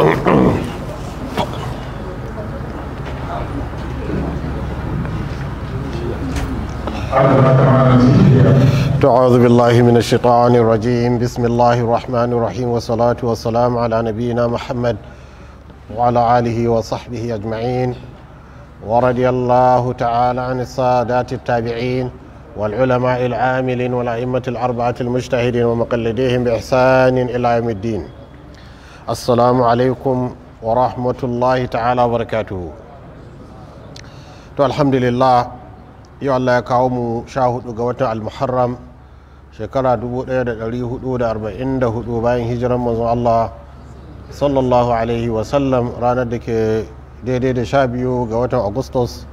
أعوذ بالله من الشيطان الرجيم بسم الله الرحمن الرحيم والصلاة والسلام على نبينا محمد وعلى آله وصحبه أجمعين ورضي الله تعالى عن السادات التابعين والعلماء العاملين والأئمة الأربعة المجتهدين ومقلديهم بإحسان إلى يوم الدين assalamu alaikum wa rahmatullahi ta'ala wa to alhamdulillah yau Allah ya kawo mu sha hudu ga watan almuharram shekara 1444 bayan hijiran manzon Allah sallallahu alaihi wasallam ranar da ke daidai da sha biyu ga watan agustus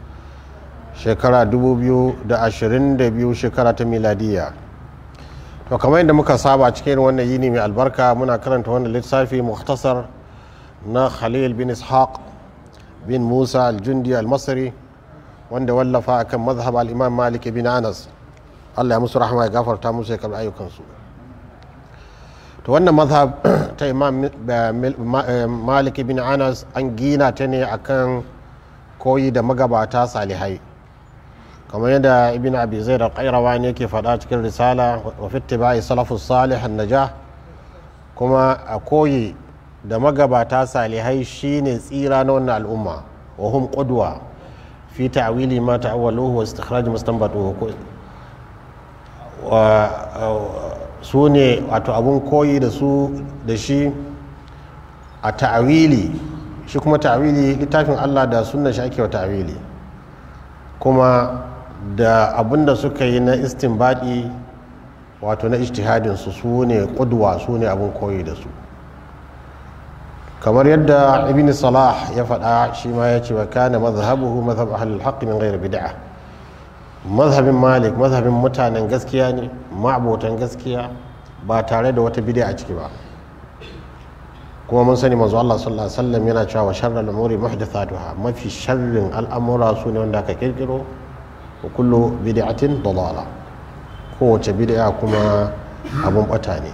shekara 2022 shekara ta miladiyya to kamar yadda muka saba cikin wannan yini mai albarka muna karanta wannan littafi muhtasar na khalil bin ishaq bin musa aljundi almasri wanda wallafa akan mazhab al-imam malik bin anas allah ya musu rahama ya gafarta musu ya karbi ayyukansu to wannan mazhab ta imam eh, malik bin anas an gina ta ne akan koyi da magabata salihai kamar yadda ibn abi zai da kairawa ne ke faɗa cikin risala wa fi tibai salafus salih najah kuma a koyi da magabata salihai shine tsira na wannan al'umma wa hum qudwa fi ta'wili ma ta'awwaluhu wa istikhraj mustanbatuhu su ne wato abun koyi da su da shi a ta'awili shi kuma ta'awili littafin Allah da sunna shi ake wa ta'awili kuma da abinda da suka yi na istinbadi wato na ijtihadin su ne kudwa su ne abin koyi da su kamar yadda ibn salah ya faɗa shi ma ya ce wa kana mazhabuhu mazhab ahlul haqq min ghairi bid'a mazhabin malik mazhabin mutanen gaskiya ne ma'abotan gaskiya ba tare da wata bid'a a ciki ba kuma mun sani manzo Allah sallallahu alaihi wasallam yana cewa wa sharral umuri muhdathatuha mafi sharrin al'amura su ne wanda aka kirkiro wa kullu bid'atin dalala kowace bid'a kuma abun bata ne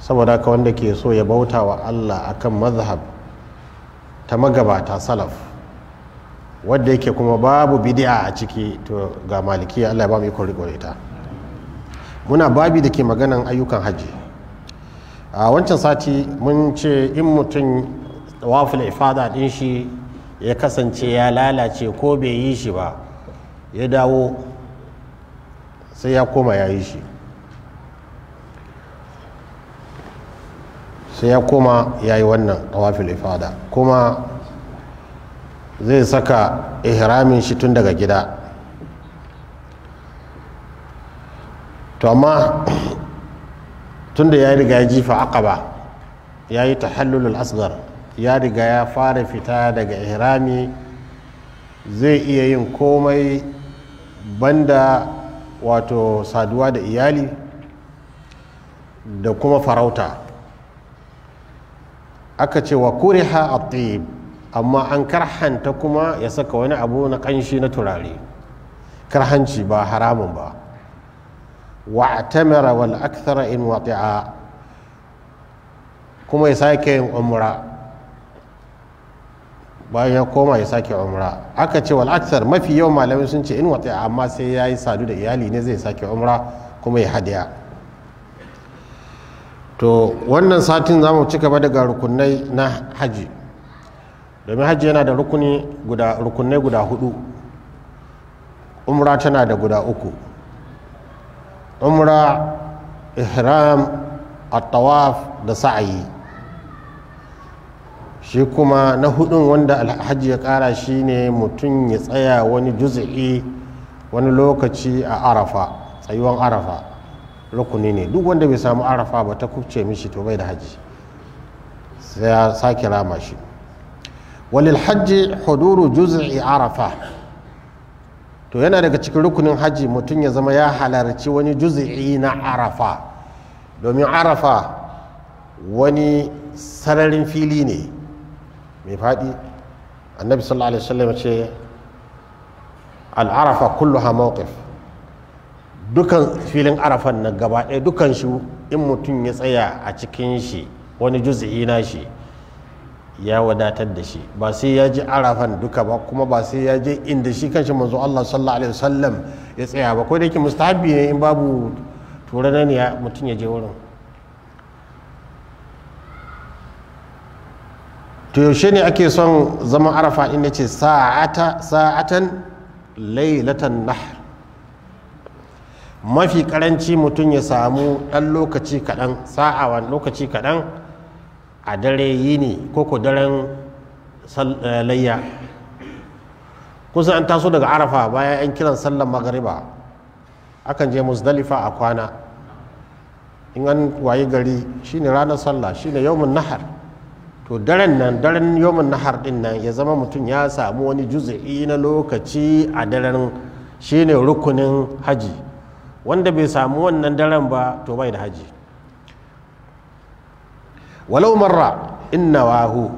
saboda haka wanda ke so ya bauta wa Allah akan mazhab ta magabata salaf wadda yake kuma babu bid'a a ciki to ga maliki Allah ya ba mu iko riko muna babi da ke maganan ayyukan haji a wancan sati mun ce in mutum wafil ifada din shi ya kasance ya lalace ko bai yi shi ba ya dawo sai ya koma ya yi shi sai ya koma ya yi wannan tawafil ifada kuma zai saka ihramin shi tun daga gida to amma tun da ya riga ya jifa ba ya yi ta tahallulul asgar ya riga ya fara fita daga ihrami zai iya yin komai banda wato saduwa da iyali da kuma farauta aka ce wa kuriha a amma an karhanta kuma ya saka wani abu na kanshi na turare karhanci ba haramun ba wa tamara wal akthara in wati'a kuma ya sake yin umra bayan ya koma ya sake umra aka ce wal aksar mafi yawan malamai sun ce in wata amma sai ya yi sadu da iyali ne zai sake umra kuma ya hadiya to wannan satin za mu ci gaba daga rukunai na haji domin haji yana da rukunai guda hudu umra tana da guda uku umra ihram at-tawaf da sa'ayi shi kuma na hudun wanda alhaji ya kara shine mutum ya tsaya wani juzi'i wani lokaci a arafa tsayuwan arafa rukuni ne duk wanda bai samu arafa ba ta kubce mishi to bai da haji sai ya sake rama shi walil hajji huduru juz'i arafa to yana daga cikin rukunin haji mutum ya zama ya halarci wani juz'i na arafa domin arafa wani sararin fili ne mai faɗi annabi sallallahu alaihi wasallam ce al'arafa kulluha mawqif dukan filin arafan na gaba ɗaya dukan shi in mutum ya tsaya a cikin shi wani juz'i na shi ya wadatar da shi ba sai ya ji arafan duka ba kuma ba sai ya je inda shi kanshi manzo Allah sallallahu alaihi wasallam ya tsaya ba ko da yake mustahabi ne in babu ya mutum ya je wurin to yaushe ne ake son zama arafa in ce sa'ata sa'atan lailatan nahr mafi karanci mutum ya samu dan lokaci kaɗan wa lokaci kaɗan a dare yini ko ko daren eh, layya kusa an taso daga arafa bayan an kiran sallan magariba akan je musdalifa a kwana in an wayi gari shine ranar sallah shine yawmin nahar to daren nan daren yomin nahar din nan ya zama mutum ya samu wani juzi'i na lokaci a daren shine rukunin haji wanda bai samu wannan daren ba to bai da haji walau marra inna wahu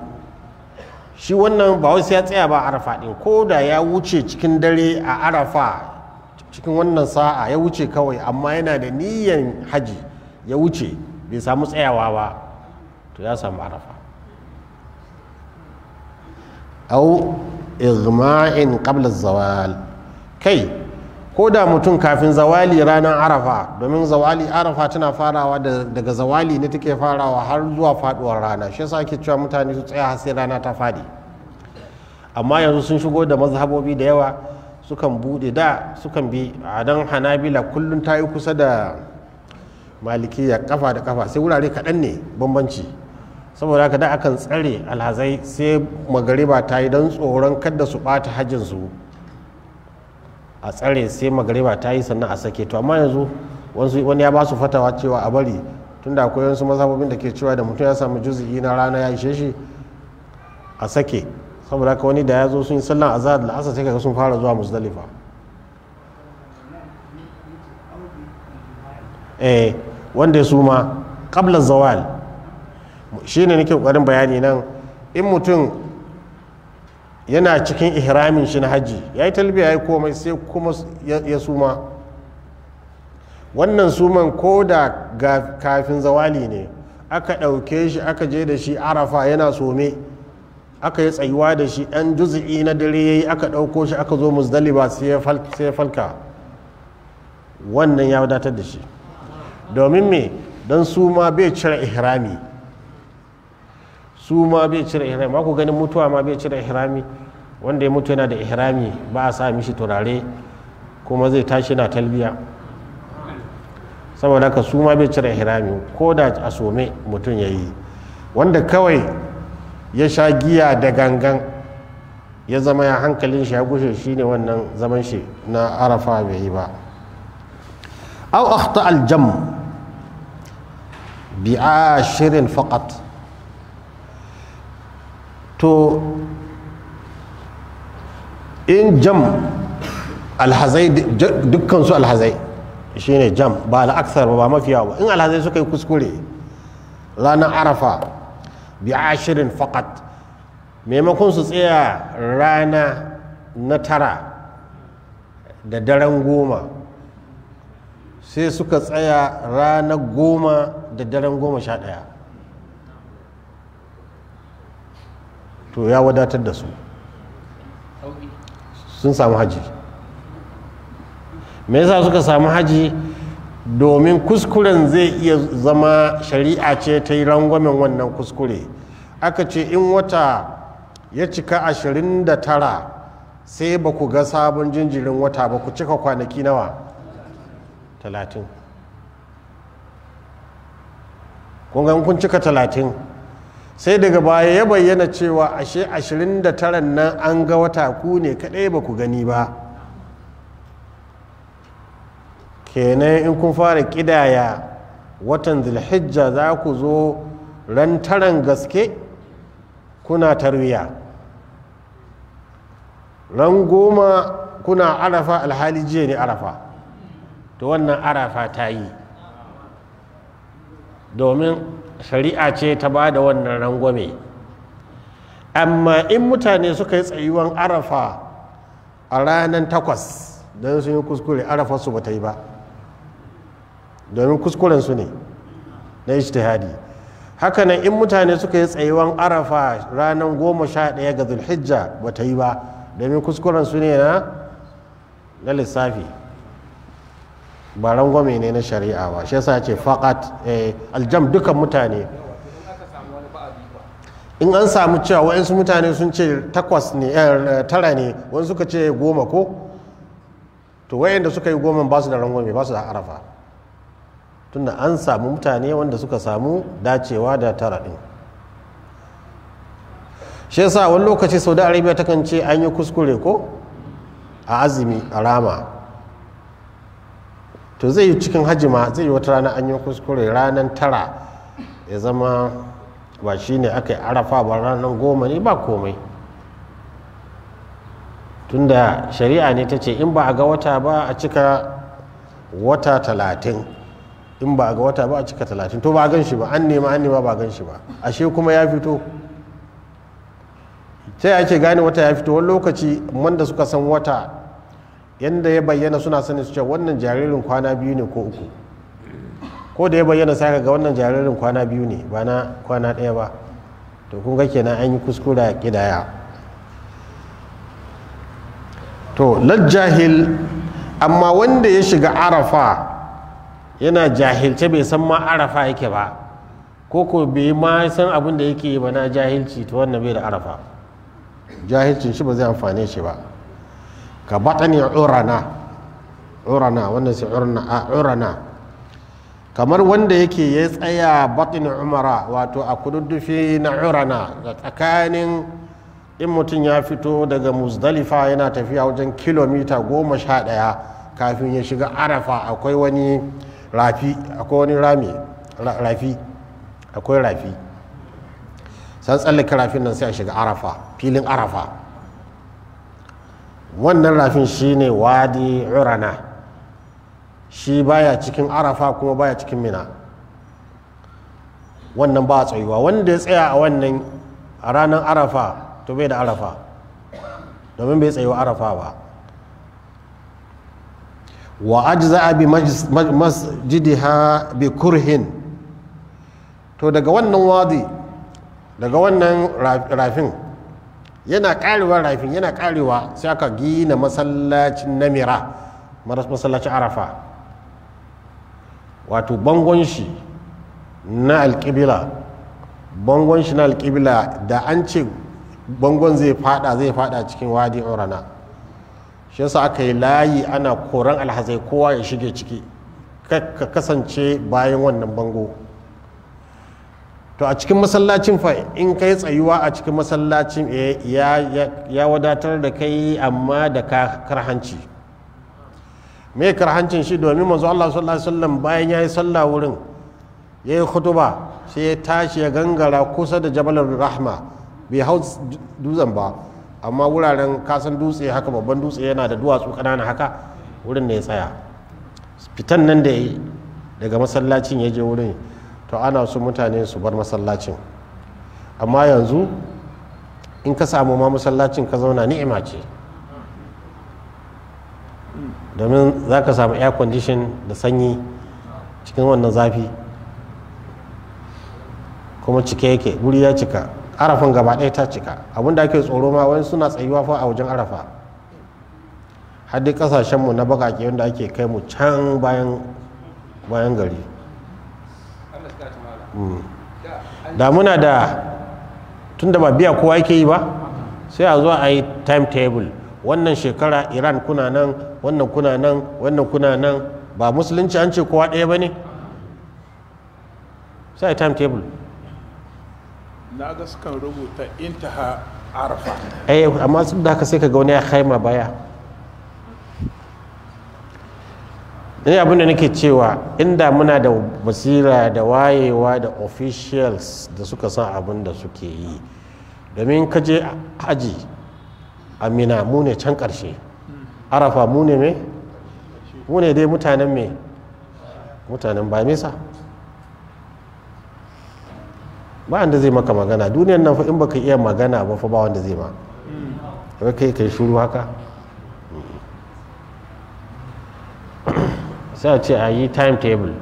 shi wannan ba wasu ya tsaya ba arafa ɗin, ko da ya wuce cikin dare a arafa cikin wannan sa'a ya wuce kawai amma yana da niyyar haji ya wuce bai samu tsayawa ba to ya samu arafa au igma'in qabla zawal kai ko da mutum kafin zawali ranar arafa domin zawali arafa tana farawa daga zawali ne take farawa har zuwa faduwar rana shi yasa ake cewa mutane su tsaya sai rana ta fadi amma yanzu sun shigo da mazhabobi da yawa sukan bude da sukan bi a dan hanabila kullum ta yi kusa da malikiya kafa da kafa sai wurare kaɗan ne bambanci saboda haka da akan tsare alhazai sai magariba ta yi don tsoron kada su hajjin su a tsare sai magariba ta yi sannan a sake to amma yanzu wani ya ba su fatawa cewa a bari tunda akwai wasu mazhabobin da ke cewa da mutum ya samu juzi'i na rana ya ishe shi a sake saboda haka wani da ya zo sun yi sallan azhar da asar sai kaga sun fara zuwa musdalifa eh wanda su ma qabla zawal shi ne nake ƙoƙarin bayani nan in mutum yana cikin ihramin shi na hajji ya yi talbiya ya yi komai sai kuma ya suma wannan suman ko da kafin zawali ne aka ɗauke shi aka je da shi arafa yana some aka yi tsayuwa da shi ɗan juzi'i na dare ya yi aka ɗauko shi aka zo musdaliba sai ya falka wannan ya wadatar da shi domin me don suma bai cire ihrami su ma bai cire ihrami ma ku ganin mutuwa ma bai cire ihrami wanda ya mutu yana da ihrami ba a sa mishi turare kuma zai tashi na talbiya saboda haka su ma bai cire ihrami ko da a some mutum ya yi wanda kawai ya sha giya da gangan ya zama ya hankalin shi ya gushe shi ne wannan zaman shi na arafa bai yi ba au akhta aljam bi shirin faqat to in jam alhazai dukkansu alhazai shi ne jam ba al'aksar ba mafi yawa in alhazai suka yi kuskure ranar arafa bi ashirin fakat maimakon su tsaya rana na tara da daren goma sai suka tsaya rana goma da daren goma sha ɗaya to ya wadatar da su sun samu haji me yasa suka samu hajji domin kuskuren zai iya zama shari'a ce ta yi rangwamen wannan kuskure aka ce in wata ya cika 29 sai ba ku ga sabon jinjirin wata ba ku cika kwanaki nawa 30 kun cika sai daga baya ya bayyana cewa ashe 29 nan an ga wata ku ne kaɗai ba ku gani ba kenan in kun fara ƙidaya watan zulhijja za ku zo ran taran gaske kuna tarwiya ran goma kuna arafa alhali jiya ne arafa to wannan arafa ta yi domin shari'a ce ta ba da wannan rangwame amma in mutane suka yi tsayuwan arafa a ranar takwas don sun yi kuskure arafarsu ba ta yi ba domin kuskurensu ne na ijtihadi hakanan in mutane suka yi tsayuwan arafa ranar goma sha daya ga zulhijja ba ta yi ba domin kuskurensu ne na lissafi ba rangwame ne na shari'a ba shi yasa ce faqat eh, aljam dukan mutane in an samu cewa wa'insu mutane sun ce takwas ne eh, tara ne wani suka ce goma ko to wa'inda suka yi goma ba su da rangwame ba su da arafa tunda an samu mutane wanda suka samu dacewa da tara ɗin shi yasa wani lokaci saudi arabia kan ce an yi kuskure ko a azumi a rama to zai yi cikin hajima zai yi wata rana an yi kuskure ranar tara ya zama ba shi ne aka yi arafa ba ranar goma ne ba komai tunda shari'a ne ta ce in ba a ga wata ba a cika wata talatin in ba a ga wata ba a cika talatin to ba a gan shi ba an nema an nema ba a gan shi ba ashe kuma ya fito ta yake gane wata ya fito wani lokaci wanda suka san wata yadda ya bayyana suna sani su ce wannan jaririn kwana biyu ne ko uku ko da ya bayyana sai ga wannan jaririn kwana biyu ne ba na kwana ɗaya ba to kun ga kenan an yi kuskura a kidaya to lajjahil amma wanda ya shiga arafa yana jahilce bai san ma arafa yake ba ko ko bai ma san abin da yake yi ba na jahilci to wannan bai da arafa jahilcin shi ba zai amfane shi ba ka batani urana urana wannan sai urana a urana kamar wanda yake ya tsaya batin umara wato a kududdufi na urana da tsakanin in mutum ya fito daga muzdalifa yana tafiya wajen kilomita goma sha ɗaya kafin ya shiga arafa akwai wani rafi akwai wani rami rafi akwai rafi san tsallaka rafin nan sai a shiga arafa filin arafa wannan rafin shine wadi urana shi baya cikin arafa kuma baya cikin mina wannan ba a tsayuwa wanda ya tsaya a wannan a ranar arafa to bai da arafa domin bai tsayuwa arafa ba wa ajza bi masjidiha bi kurhin to daga wannan wadi daga wannan rafin yana karewa rafin yana karewa sai aka gina masallacin namira masallacin arafa wato bangon shi na alƙibila bangon shi na alƙibila da an ce bangon zai fada zai fada cikin wadi urana shi yasa aka yi layi ana koran alhazai kowa ya shige ciki ka kasance bayan wannan bango to a cikin masallacin fa in kai tsayuwa a cikin masallacin eh, ya wadatar da kai amma da karhanci me karhancin shi domin manzo Allah sallallahu alaihi wasallam bayan yayi sallah wurin yayi khutuba sai ya tashi ya gangara kusa da jabalar rahma bai hau dutsen ba amma wuraren kasan dutse haka babban dutse yana da duwatsu kanana haka wurin da ya tsaya fitan nan da yayi daga masallacin ya je wurin to ana su mutane su bar masallacin amma yanzu in ka samu ma masallacin ka zauna ni'ima ce domin za ka samu air condition da sanyi cikin wannan zafi kuma cike yake guri ya cika arafin gaba ɗaya ta cika abinda ake tsoro ma wani suna tsayuwa fa a wajen arafa har dai ƙasashenmu na bakake wanda ake kai mu can bayan gari Hmm. da muna da tun da ba biya kowa yake yi ba sai a zuwa a yi timetable wannan shekara iran kuna nan wannan kuna nan wannan kuna nan ba musulunci an ce kowa ɗaya ba ne sai a yi timetable na ga sukan rubuta intaha arfa eh amma sun da haka sai ka ga wani ya haima baya ne abinda nake cewa inda muna da basira da wayewa da officials da suka san abin da suke yi domin ka je haji amina mu ne can ƙarshe arafa mu ne me mu ne dai mutanen me mutanen ba nisa ba wanda zai maka magana duniyan nan fa in baka iya magana ba fa ba wanda zai ma kai kai shuru haka sai ce a yi timetable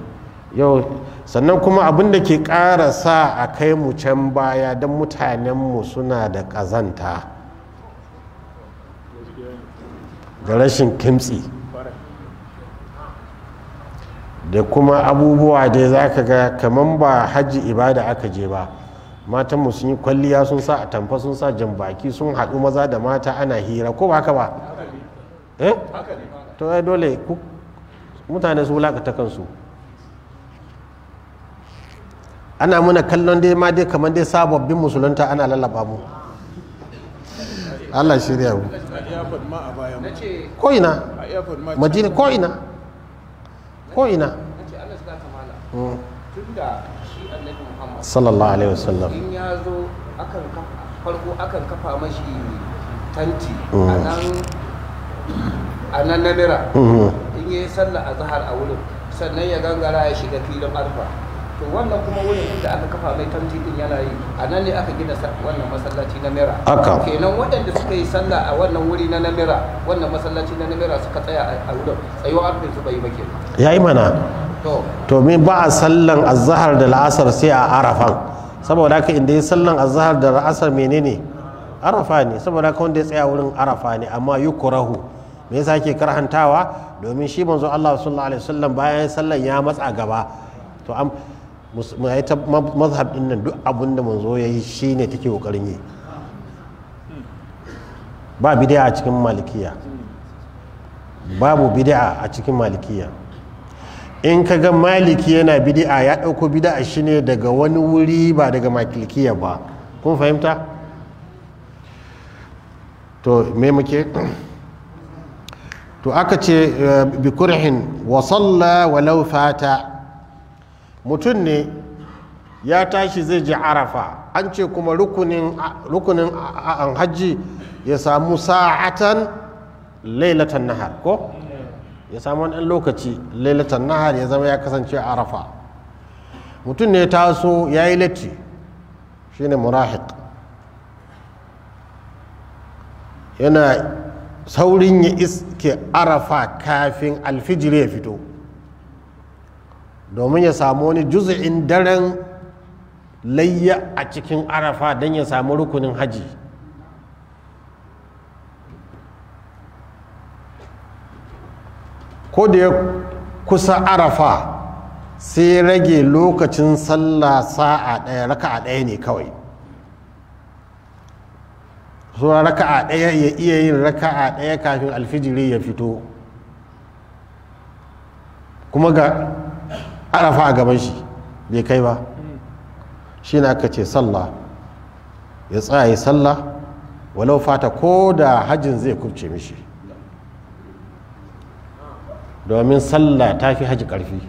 yau sannan kuma abin da ke ƙara sa a kai mu can baya don mutanenmu suna da ƙazanta da rashin kimtsi da kuma abubuwa da za ka ga kamar ba hajji ibada aka je ba matanmu sun yi kwalliya sun sa a tamfa sun sa jan baki sun haɗu maza da mata ana hira ko ba haka ba eh to dole mutane su wulakata kansu ana muna kallon dai ma dai kamar dai sababbin musulunta ana lallaba mu Allah shirya mu ko ina madina ko ina ko ina sallallahu alaihi wasallam in ya zo akan farko akan kafa mashi tanti mm. a nan na mira mm-hmm. hudu ya sallah a zahar a wurin sannan ya gangara ya shiga filin arfa to wannan kuma wurin da aka kafa mai tamti din yana yi a nan ne aka gina wannan masallaci na mera haka kenan waɗanda suka yi sallah a wannan wuri na namira wannan masallaci na namira suka tsaya a wurin tsayuwa arfin su bai bake yi mana to min ba a sallan azhar da la'asar sai a arafan saboda haka inda ya sallan azhar da la'asar menene arafa ne saboda haka wanda ya tsaya wurin arafa ne amma yukurahu me yasa yake karhantawa domin shi manzo Allah sallallahu alaihi wasallam bayan sallan ya matsa gaba to am mai ta mazhab din nan duk abin da manzo yayi shine take kokarin yi ba bid'a a cikin malikiya babu bid'a a cikin malikiya in ka ga maliki yana bid'a ya dauko bid'a shi ne daga wani wuri ba daga malikiya ba kun fahimta to me muke to aka ce eh, bikurhin kurhin wa salla wa laufata mutum ne ya tashi zai je arafa an ce kuma rukunin an hajji ya samu sa'atan lailatan nahar ko ya samu wani lokaci lailatan nahar ya zama ya kasance arafa mutum ne taso ya yi latti shine murahik yana saurin ya iske arafa kafin alfijiri ya fito domin ya samu wani juz'in daren layya a cikin arafa don ya samu rukunin haji ko da ya kusa arafa sai rage lokacin sallah sa'a ɗaya raka'a ɗaya ne kawai raka raka'a ɗaya ya iya yin raka a ɗaya kafin alfijiri ya fito kuma ga arafa a gaban shi bai kai ba shi na aka ce sallah ya tsaya sallah walau fata ko da hajjin zai kubce mishi domin sallah ta fi hajji ƙarfi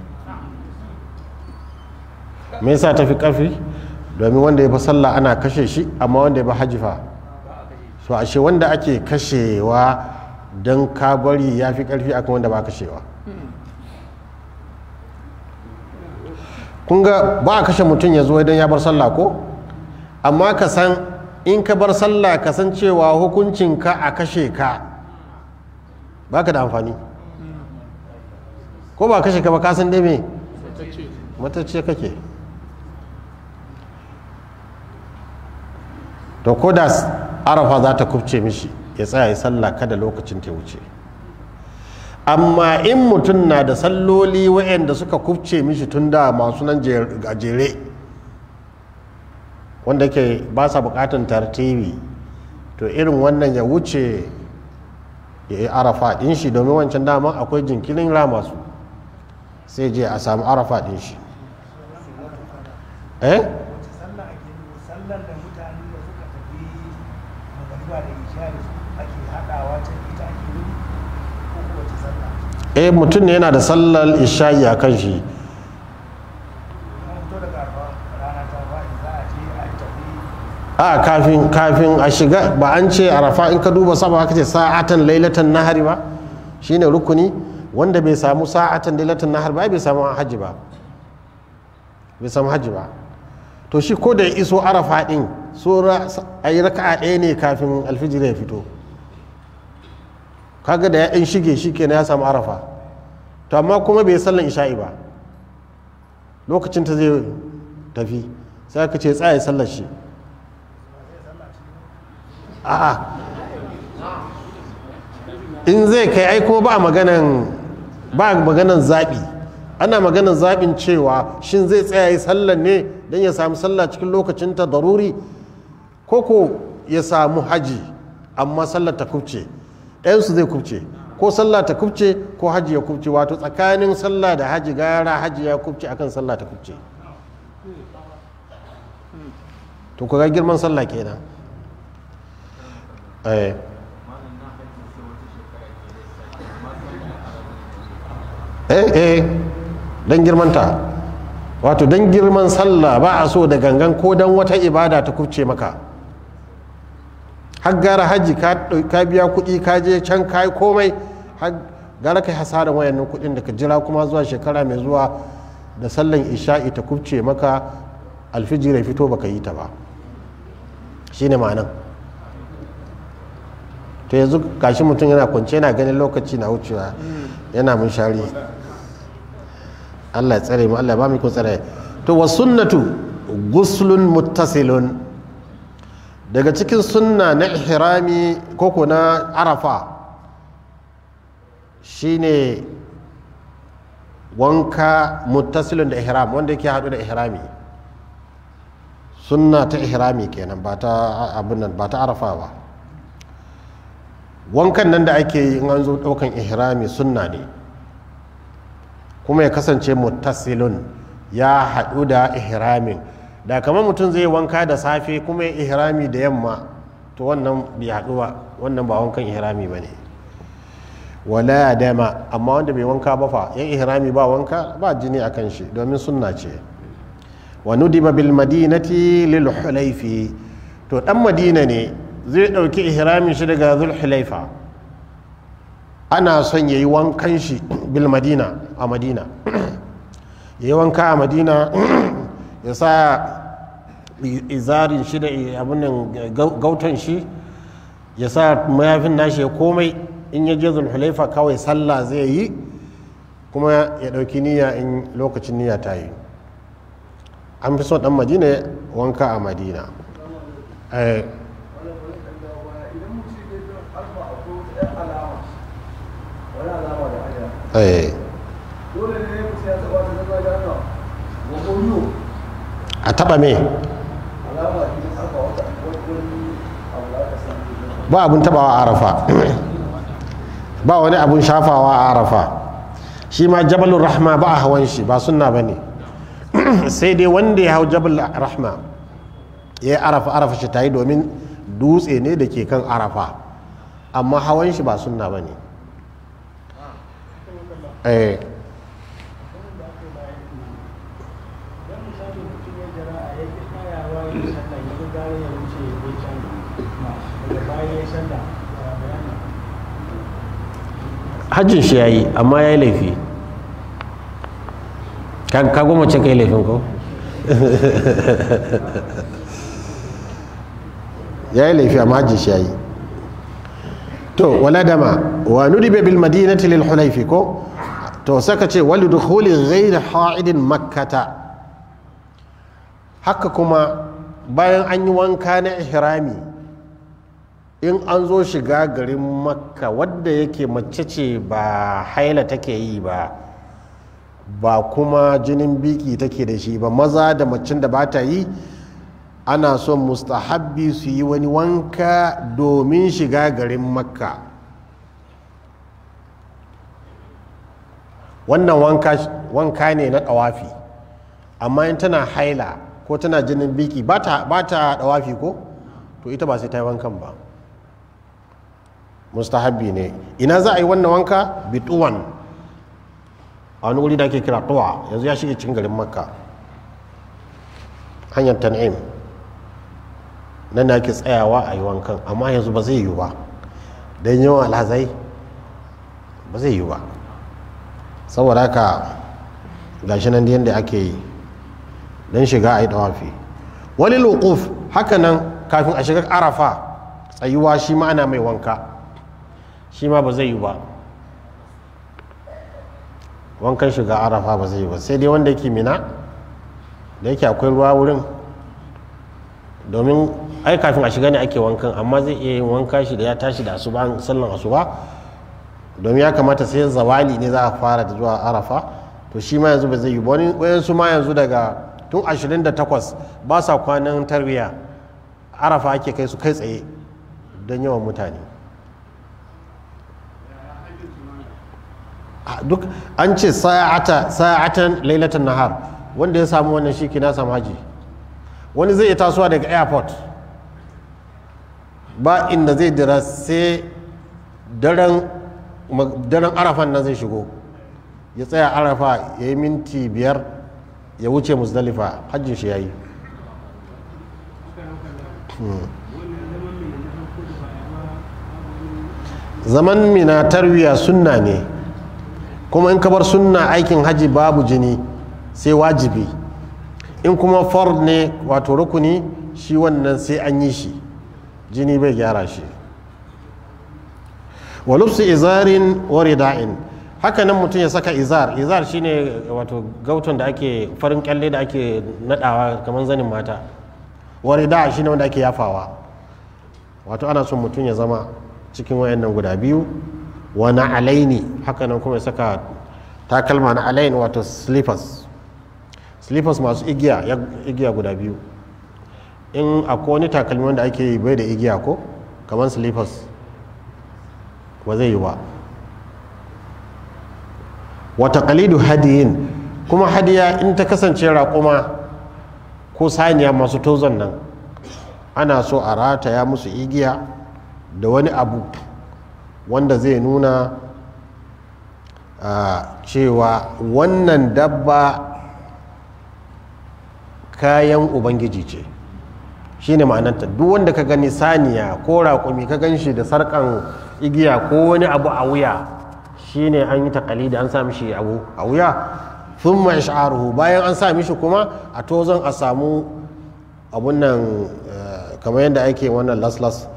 me yasa ta fi ƙarfi domin wanda ya fi sallah ana kashe shi amma wanda ya fi hajji fa so ashe wanda ake kashewa don ka bari ya fi karfi akan wanda ba kashewa kunga ba a kashe mutum ya zo idan ya bar sallah ko amma ka san in ka bar sallah ka san cewa hukuncinka a kashe ka ba ka da amfani ko ba kashe ka ba ka san matacce kake to ko da arafa za ta kubce mishi ya tsaya ya sallah kada lokacin ta wuce amma in mutum na da salloli waɗanda suka kubce mishi tun da masu nan gajere wanda ke ba sa bukatun tartibi to irin wannan ya wuce ya yi arafa din shi domin wancan dama akwai jinkirin rama su sai je a samu arafa din shi eh eh mutum ne yana da sallar isha'i a kan shi a kafin kafin a shiga ba an ce arafa in ka duba sama haka ce sa'atan lailatan nahari ba shine rukuni wanda bai samu sa'atan lailatan nahari ba bai samu hajji ba bai samu hajji ba to shi ko da iso arafa din so a ayi raka'a ɗaya ne kafin alfijir ya fito kaga da ya ɗan shige shi kenan ya samu arafa to amma kuma bai sallan isha'i ba lokacin ta zai tafi sai ka ce tsaye sallar shi a'a in zai kai aiko ba maganan ba maganan zaɓi ana maganan zaɓin cewa shin zai tsaya yi sallar ne don ya samu sallah cikin lokacinta daruri ko ko ya samu haji amma sallar ta kubce ɗayansu zai kubce ko sallah ta kubce ko hajji ya kubce wato tsakanin sallah da hajji gara hajji ya kubce akan sallah ta kubce to ku ga girman sallah kenan eh eh, eh. dan girmanta wato dan girman sallah ba a so da gangan ko dan wata ibada ta kubce maka har gara hajji ka biya kuɗi ka je can ka yi komai gara kai hasarar wayannan kuɗin da ka jira kuma zuwa shekara mai zuwa da sallan isha'i ta kubce maka alfijir ya fito baka yi ta ba Shi ne ma'anan to yanzu gashi mutum yana kwance yana ganin lokaci na wucewa yana mun shari Allah ya tsare mu Allah ya ba mu ku tsare to wa sunnatu guslun muttasilun daga cikin sunna na ihrami koko na arafa shine wanka muttasilin da ihram wanda yake haɗu da ihrami sunna ta ihrami kenan ba ta Abun nan ba ta arafa ba wankan nan da ake yi in an zo ɗaukan ihrami sunna ne kuma ya kasance muttasilun ya haɗu da ihramin da kamar mutum zai wanka da safe kuma ya ihrami da yamma to wannan bai haɗu ba wannan ba wankan ihrami ba ne wala dama amma wanda bai wanka ba fa yan ihrami ba wanka ba jini a kan shi domin sunna ce wa nudiba bil madinati lil hulaifi to dan madina ne zai ɗauki ihramin shi daga zul hulaifa ana son yayi wankan shi bil madina a madina yayi wanka a madina ya sa izarin shi da abin gautan shi ya sa mayafin nashi ya komai in ya je zulhulaifa kawai sallah zai yi kuma ya ɗauki niyya in lokacin niyya ta yi an fi son ɗan madina wanka a madina Hey. Eh. Eh. a taba me ba abun tabawa a arafa ba wani abun shafawa a arafa shi ma jabalun rahma ba a hawan shi ba suna ba ne sai dai wanda ya hau jabal rahma ya yi arafa arafa shi ta yi domin dutse ne da ke kan arafa amma hawan shi ba suna ba ne eh. hajjin shi ya yi amma ya yi laifi ka goma ce ka yi laifin ko ya yi laifi amma hajjin shi ya yi to wala dama wa nudibe bil madinati lil hulaifi ko to saka ce wali dukhuli da ha'idin makkata haka kuma bayan an yi wanka na ihrami in an zo shiga garin makka wadda yake mace ce ba haila take yi ba ba kuma jinin biki take da shi ba maza da macin da ba ta yi ana son mustahabbi su yi wani wanka domin shiga garin makka wannan wanka, ne na ɗawafi amma in tana haila ko tana jinin biki ba ta ɗawafi ko to ita ba sai ta yi wankan ba mustahabi ne ina za a yi wannan wanka bituwan a wani wuri da ake kira tuwa yanzu ya shiga cikin garin makka hanyar tan'im nan ke tsayawa a yi wankan amma yanzu ba zai yi ba don yawan alhazai ba zai yi ba saboda haka gashi nan yadda ake yi don shiga a yi dawafi wani lokuf haka nan kafin a shiga arafa tsayuwa shi ma'ana mai wanka shi ma ba zai yi ba wankan shiga arafa ba zai yi ba sai dai wanda yake mina da yake akwai ruwa wurin domin ai kafin a shiga ne ake wankan amma zai iya yin wanka shi da ya tashi da asuba sallan asuba domin ya kamata sai zawali ne za a fara da zuwa arafa to shi ma yanzu ba zai yi ba wayansu ma yanzu daga tun 28 ba sa kwanan tarbiya arafa ake kai su kai tsaye don yawan mutane Ah, duk an ce sa'ata sa'atan lailatan nahar wanda ya samu wannan shi kina samu haji wani zai tasowa daga airport ba inda zai dira sai daren arafan nan zai shigo ya tsaya arafa ya yi minti biyar ya wuce musdalifa hajjin shi ya yi hmm. zaman mina tarwiya sunna ne kuma in ka bar sunna aikin haji babu jini sai wajibi in kuma fard ne wato rukuni shi wannan sai an yi shi jini bai gyara shi Walubsu izarin wa da'in haka mutum ya saka izar izar shine wato gautun da ake farin kyalle da ake nadawa kamar zanin mata warida shine wanda ake yafawa wato ana son mutum ya zama cikin wayannan guda biyu wani alaini hakanan kuma saka takalma na alain wato slippers slippers masu igiya igiya guda biyu in akwai wani takalmi wanda ake yi bai da igiya ko kamar slippers ba zai yi ba wata kalidu hadiyin kuma hadiya in ta kasance raƙuma ko saniya masu tozon nan ana so a rataya musu igiya da wani abu wanda zai nuna ah, cewa wannan dabba kayan ubangiji ce shi ne ma'ananta duk wanda ka gani saniya ko raƙumi ka gan shi da sarkan igiya ko wani abu a wuya shi ne an yi takali da an sa mishi abu a wuya sun ma sha'aruhu bayan an sa mishi kuma a tozon a samu abunan eh, kamar yadda ake wannan laslas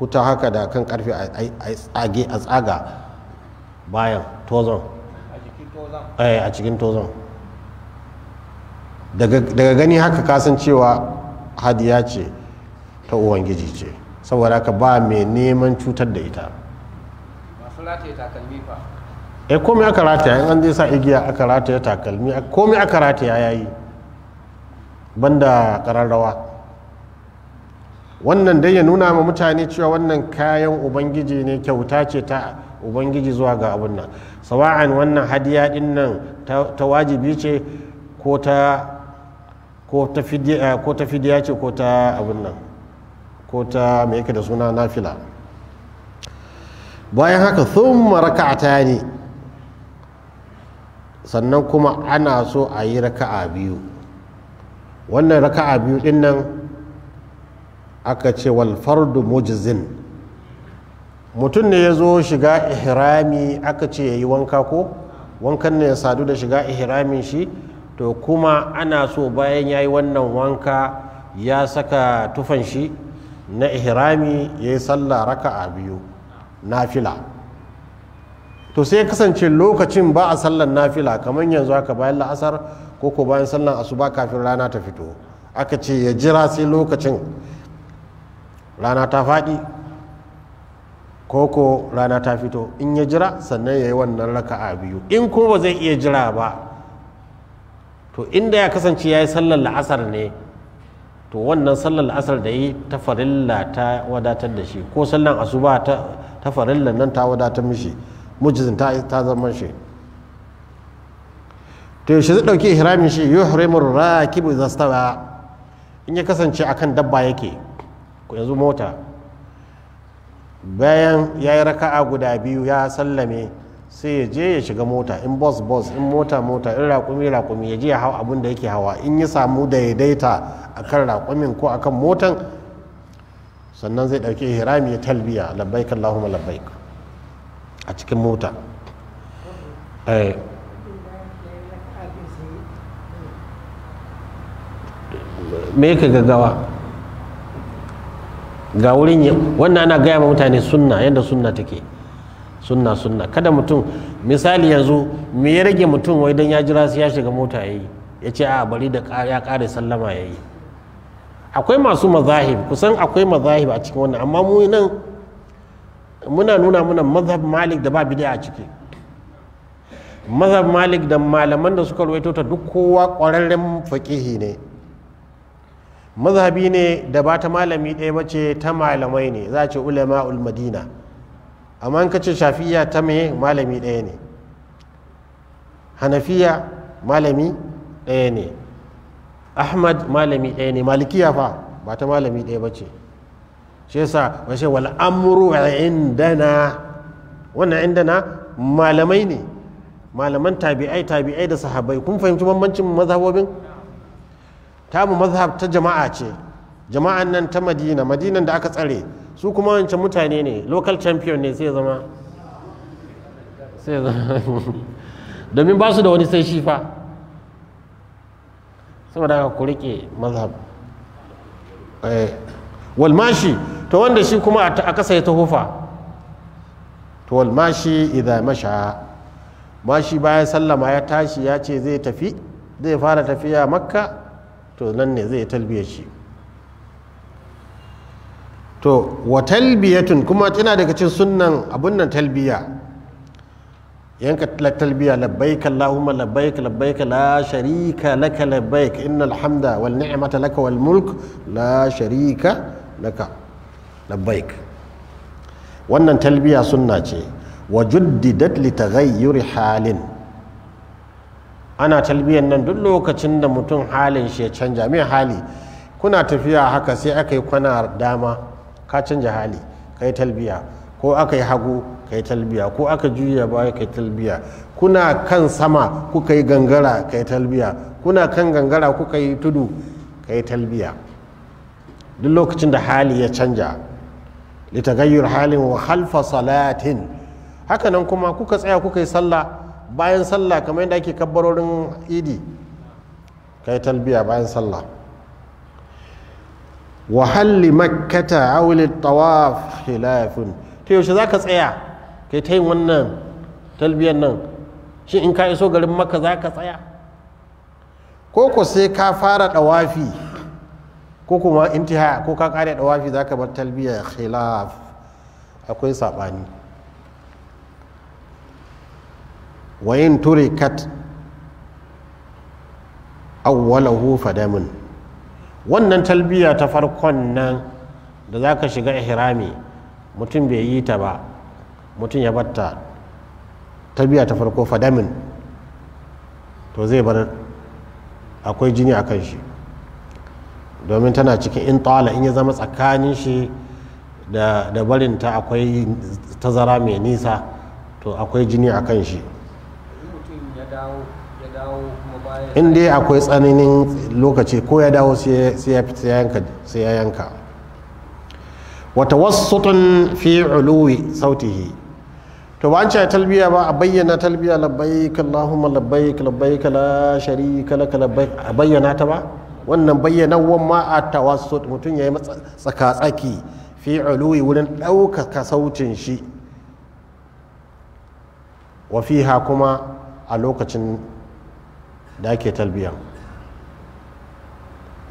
wuta haka da kan karfe a tsaga bayan tozon a eh, cikin tozon daga gani haka kasan cewa hadiya ce ta uwangiji ce saboda haka ba mai neman cutar da ita masu takalmi e komai aka rataya in an zai sa igiya aka rataya takalmi komai aka rataya yayi banda kararrawa wannan dai ya nuna ma mutane cewa wannan kayan ubangiji ne kyauta ce ta ubangiji zuwa ga abun nan sawa'an wannan hadiya din nan ta wajibi ce ko ta fidiya eh, ce ko ta abun nan ko ta mai yake da suna nafila bayan haka a raka'ata ne sannan kuma ana so a yi raka'a biyu wannan raka'a biyu din nan aka ce wal fardu mujizin mutum ne ya zo shiga ihrami aka ce ya yi wanka ko wankan ne ya sadu da shiga ihramin shi to kuma ana so bayan ya yi wannan wanka ya saka tufan shi na ihrami ya yi sallah a biyu nafila to sai kasance lokacin ba a sallan nafila kamar yanzu aka bayan la'asar ko ko bayan sallan asuba kafin rana ta fito aka ce ya jira sai lokacin rana ta faɗi koko rana ta fito in ya jira sannan ya yi wannan raka a biyu in ko ba zai iya jira ba to inda ya kasance ya yi sallar la'asar ne to wannan sallar la'asar da yi ta farilla ta wadatar da shi ko sallar asuba ta farilla nan ta wadatar mishi mujizin ta zama shi to shi zai ɗauki hiramin shi yuhrimur rakibu zastawa in ya kasance akan dabba yake yanzu mota bayan ya yi raka'a guda biyu ya sallame sai ya je ya shiga mota in bus bus in mota mota in raƙumi raƙumi ya je ya hau abin da yake hawa in ya samu daidaita akan raƙumin ko akan motan sannan zai ɗauki hirami ya talbiya labbaik allahumma labbaik a cikin mota eh. me ka gaggawa ga wurin wannan ana gaya ma mutane sunna yadda sunna take sunna sunna kada mutum misali yanzu me ya rage mutum wai don ya jira sai ya shiga mota ya yi ya ce a bari da ya kare sallama ya yi akwai masu mazahib kusan akwai mazahib a cikin wannan amma mu nan muna nuna muna mazhab malik da ba bid'a a ciki mazhab malik da malaman da suka ruwaito ta duk kowa ƙwararren fakihi ne mazhabi ne da ba ta malami ɗaya ba ce ta malamai ne za a ce ulama ulmadina amma in ka ce shafiya ta me malami ɗaya ne hanafiya malami ɗaya ne ahmad malami ɗaya ne malikiya fa ba ta malami ɗaya ba ce shi yasa ba shi wal amru indana wannan indana malamai ne malaman tabi'ai tabi'ai da sahabbai kun fahimci bambancin mazhabobin tamu mazhab ta jama'a ce jama'an nan ta madina madinan da aka tsare su kuma wancan mutane ne local champion ne sai zama zama domin ba su da wani sai shi fa saboda haka ku rike mazhab eh, walmashi to wanda shi kuma a kasa ya ta fa to walmashi idan masha mashi bayan sallama ya tashi ya ce zai tafi zai fara tafiya makka to nan ne zai talbiya shi to wa talbiyatun kuma tana daga cikin sunnan abun nan talbiya yanka talbiya labbaik allahumma labbaik labbaik la sharika laka labbaik innal hamda wal ni'mata laka wal mulk la sharika laka labbaik wannan talbiya sunna ce wa juddidat li taghayyuri halin ana talbiyan nan duk lokacin da mutum halin shi ya canja mai hali kuna tafiya haka sai aka yi kwana dama ka canja hali ka yi talbiya ko aka yi hagu ka yi talbiya ko aka juya baya ka yi talbiya kuna kan sama kuka yi gangara ka yi talbiya kuna kan gangara kuka yi tudu ka yi talbiya duk lokacin da hali ya canja litagayyur halin wa halfa salatin hakanan kuma kuka tsaya kuka yi sallah bayan sallah kamar yadda ake kabbarorin idi kai talbiya bayan sallah wahalli makkata wuli tawaf khilafun ta yaushe za ka tsaya kai ta yin wannan talbiyan nan shi in ka iso garin makka ka tsaya ko ko sai ka fara dawafi ko kuma intiha ko ka kare dawafi ka bar talbiya khilaf akwai sabani wayin kat awwalahu fadamun wannan talbiya ta farkon nan da za ka shiga ihrami mutum bai yi ta ba mutum ya batta talbiya ta farko fadamin to zai bar akwai jini a kan shi domin tana cikin in tsala in ya zama tsakanin shi da barinta akwai tazara mai nisa to akwai jini a kan shi in dai akwai tsananin lokaci ko ya dawo sai ya yanka wata wasutun fi uluwi sautihi to ba an ce talbiya ba a bayyana talbiya labbai allahumma labbaik labbai kala shari kala labbaik a bayyana ta ba wannan bayyanawan ma a tawassut mutum ya yi tsaka-tsaki fi uluwi wurin ɗaukaka sautin shi wa fiha kuma a lokacin da ake talbiyan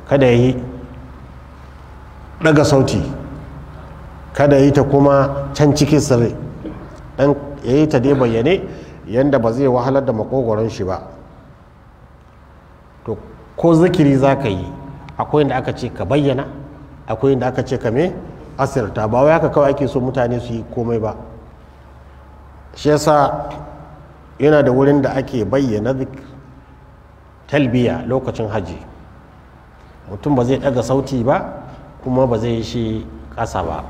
kada yi daga sauti kada yi ta kuma can cikin sirri dan ya yi ta dai bayyane yadda ba zai wahalar da makogoron shi ba to ko zikiri za ka yi akwai inda aka ce ka bayyana akwai inda aka ce ka me asirta ba wai haka kawai ake so mutane su yi komai ba shi yasa yana da wurin da ake bayyana talbiya lokacin hajji mutum ba zai ɗaga sauti ba kuma ba zai shi ƙasa ba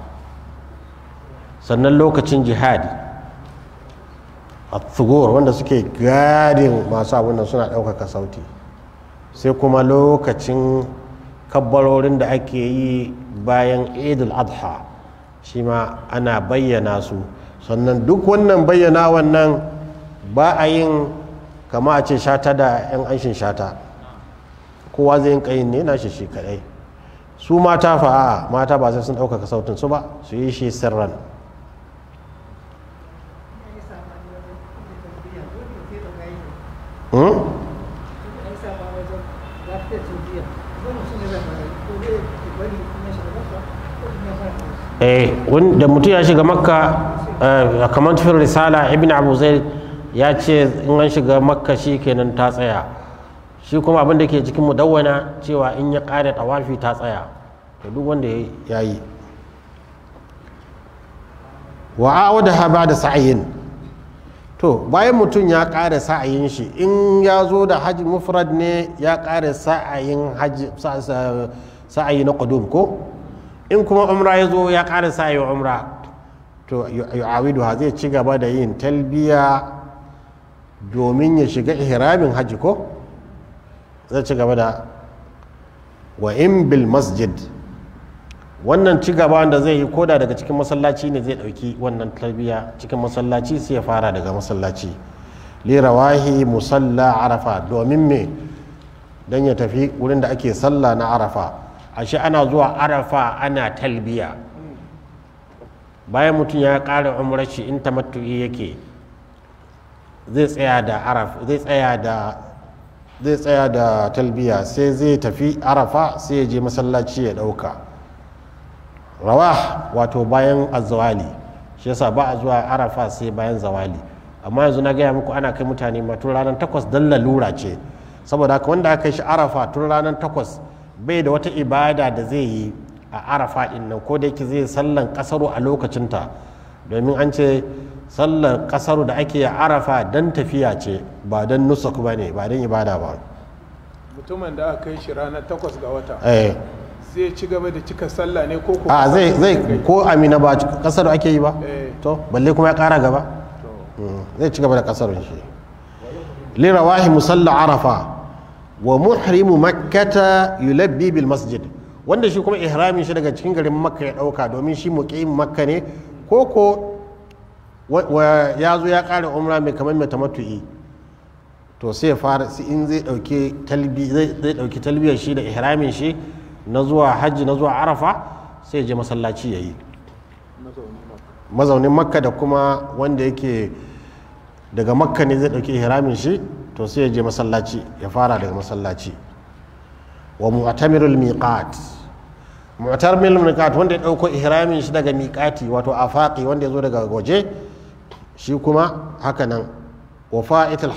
sannan lokacin jihadi a wanda suke gadin masu abin suna ɗaukaka sauti sai kuma lokacin kabbarorin da ake yi bayan idul adha shi ma ana bayyana su sannan duk wannan bayyana wannan ba a yin kama a ce shata da 'yan anshin shata kowa zai yin kayin ne na shi shi kadai su mata fa'a mata ba sai sun ɗaukaka sautin su ba su yi shi sirran hmm? eh, da mutum ya shiga makka eh, kamar tafiyar risala ibn abu zai ya ce in an shiga makka shi kenan ta tsaya shi kuma abin da ke cikin mudawwana cewa in ya ƙare tawafi ta tsaya to duk wanda ya yi wa ha haba da sa'ayin to bayan mutum ya ƙare sa'ayin shi in ya zo da hajji mufrad ne ya ƙare sa'ayin hajji sa'ayi na kudum ko in kuma umra ya zo ya ƙare sa'ayin umra to yu'awidu zai ci gaba da yin talbiya domin ya shiga ihramin hajji ko zai ci gaba da wa in bil masjid wannan ci gaba da zai yi koda daga cikin masallaci ne zai dauki wannan tarbiya cikin masallaci sai ya fara daga masallaci rawahi musalla arafa domin me dan ya tafi wurin da ake salla na arafa ashe ana zuwa arafa ana talbiya bayan mutum ya ƙara umrar shi in tamattu'i yake zai tsaya da araf zai tsaya da zai tsaya da talbiya sai zai tafi arafa sai ya je masallaci ya ɗauka rawa wato bayan azawali shi yasa ba a zuwa arafa sai bayan zawali amma yanzu na gaya muku ana kai mutane ma tun ranar takwas dan lalura ce saboda haka wanda aka yi shi arafa tun ranar takwas bai da wata ibada da zai yi a arafa ɗin ko da yake zai sallan kasaro a lokacinta domin an ce sallar kasar da ake arafa don tafiya ce ba don nusuk ba ne ba don ibada ba mutumin da aka kai shi ranar takwas ga wata eh. zai ci gaba da cika sallah ne ko a ah, zai zai ko amina ba kasar da ake yi ba eh. to balle kuma ya kara gaba hmm, zai ci gaba da kasar shi lirawahi musalla arafa wa muhrimu makkata yulabbi bil masjid wanda shi kuma ihramin shi daga cikin garin makka ya dauka domin shi muqim makka ne koko ya zo ya kare umra mai kamar mai tamattu'i to sai ya fara in zai ɗauki talbi zai talbiyar shi da ihramin shi na zuwa hajji na zuwa arafa sai ya je masallaci ya yi mazaunin makka da kuma wanda yake daga makka ne zai ɗauki ihramin shi to sai ya je masallaci ya fara daga masallaci wa mu'tamirul miqat mu'tamirul miqat wanda ya dauko ihramin shi daga miqati wato afaqi wanda ya zo daga waje shi kuma haka nan wa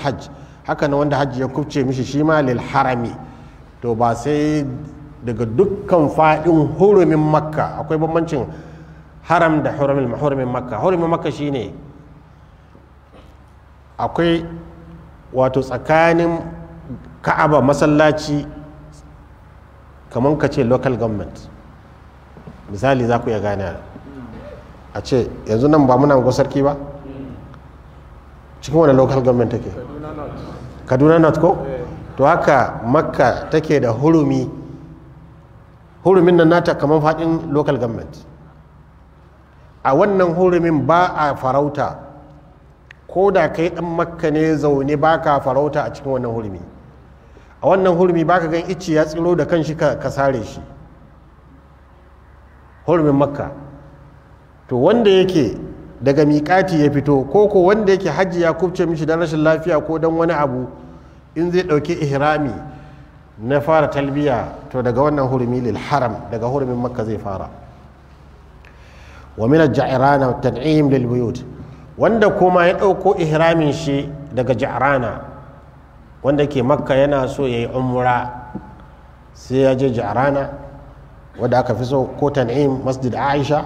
hajj haka nan wanda hajji ya kubce mishi shi ma lil harami to ba sai daga dukkan fa'in hurumin makka akwai bambancin haram da hurumin makka hurumin makka shine akwai wato tsakanin ka'aba masallaci kamar ka ce local government misali za ku iya gane a ce yanzu nan ba muna sarki ba cikin wani local government take kaduna north ko to haka makka take da hurumi hurumin nan nata kamar faɗin local government a wannan hurumin ba a farauta ko da kai ɗan makka ne zaune ba ka farauta a cikin wannan hurumi a wannan hurumi ba ka gan ici ya tsiro da kan shi ka sare shi hurumin makka to wanda yake daga miƙati ya fito ko ko wanda yake hajji ya kubce mishi da rashin lafiya ko don wani abu in zai ɗauki ihrami na fara talbiya to daga wannan hurumi lil haram daga hurumin makka zai fara wa min al-ja'rana tan'im lil buyut wanda kuma ya ɗauko ihramin shi daga ja'rana wanda ke makka yana so yayi umra sai ya je ja'rana wanda aka fi so ko tan'im masjid aisha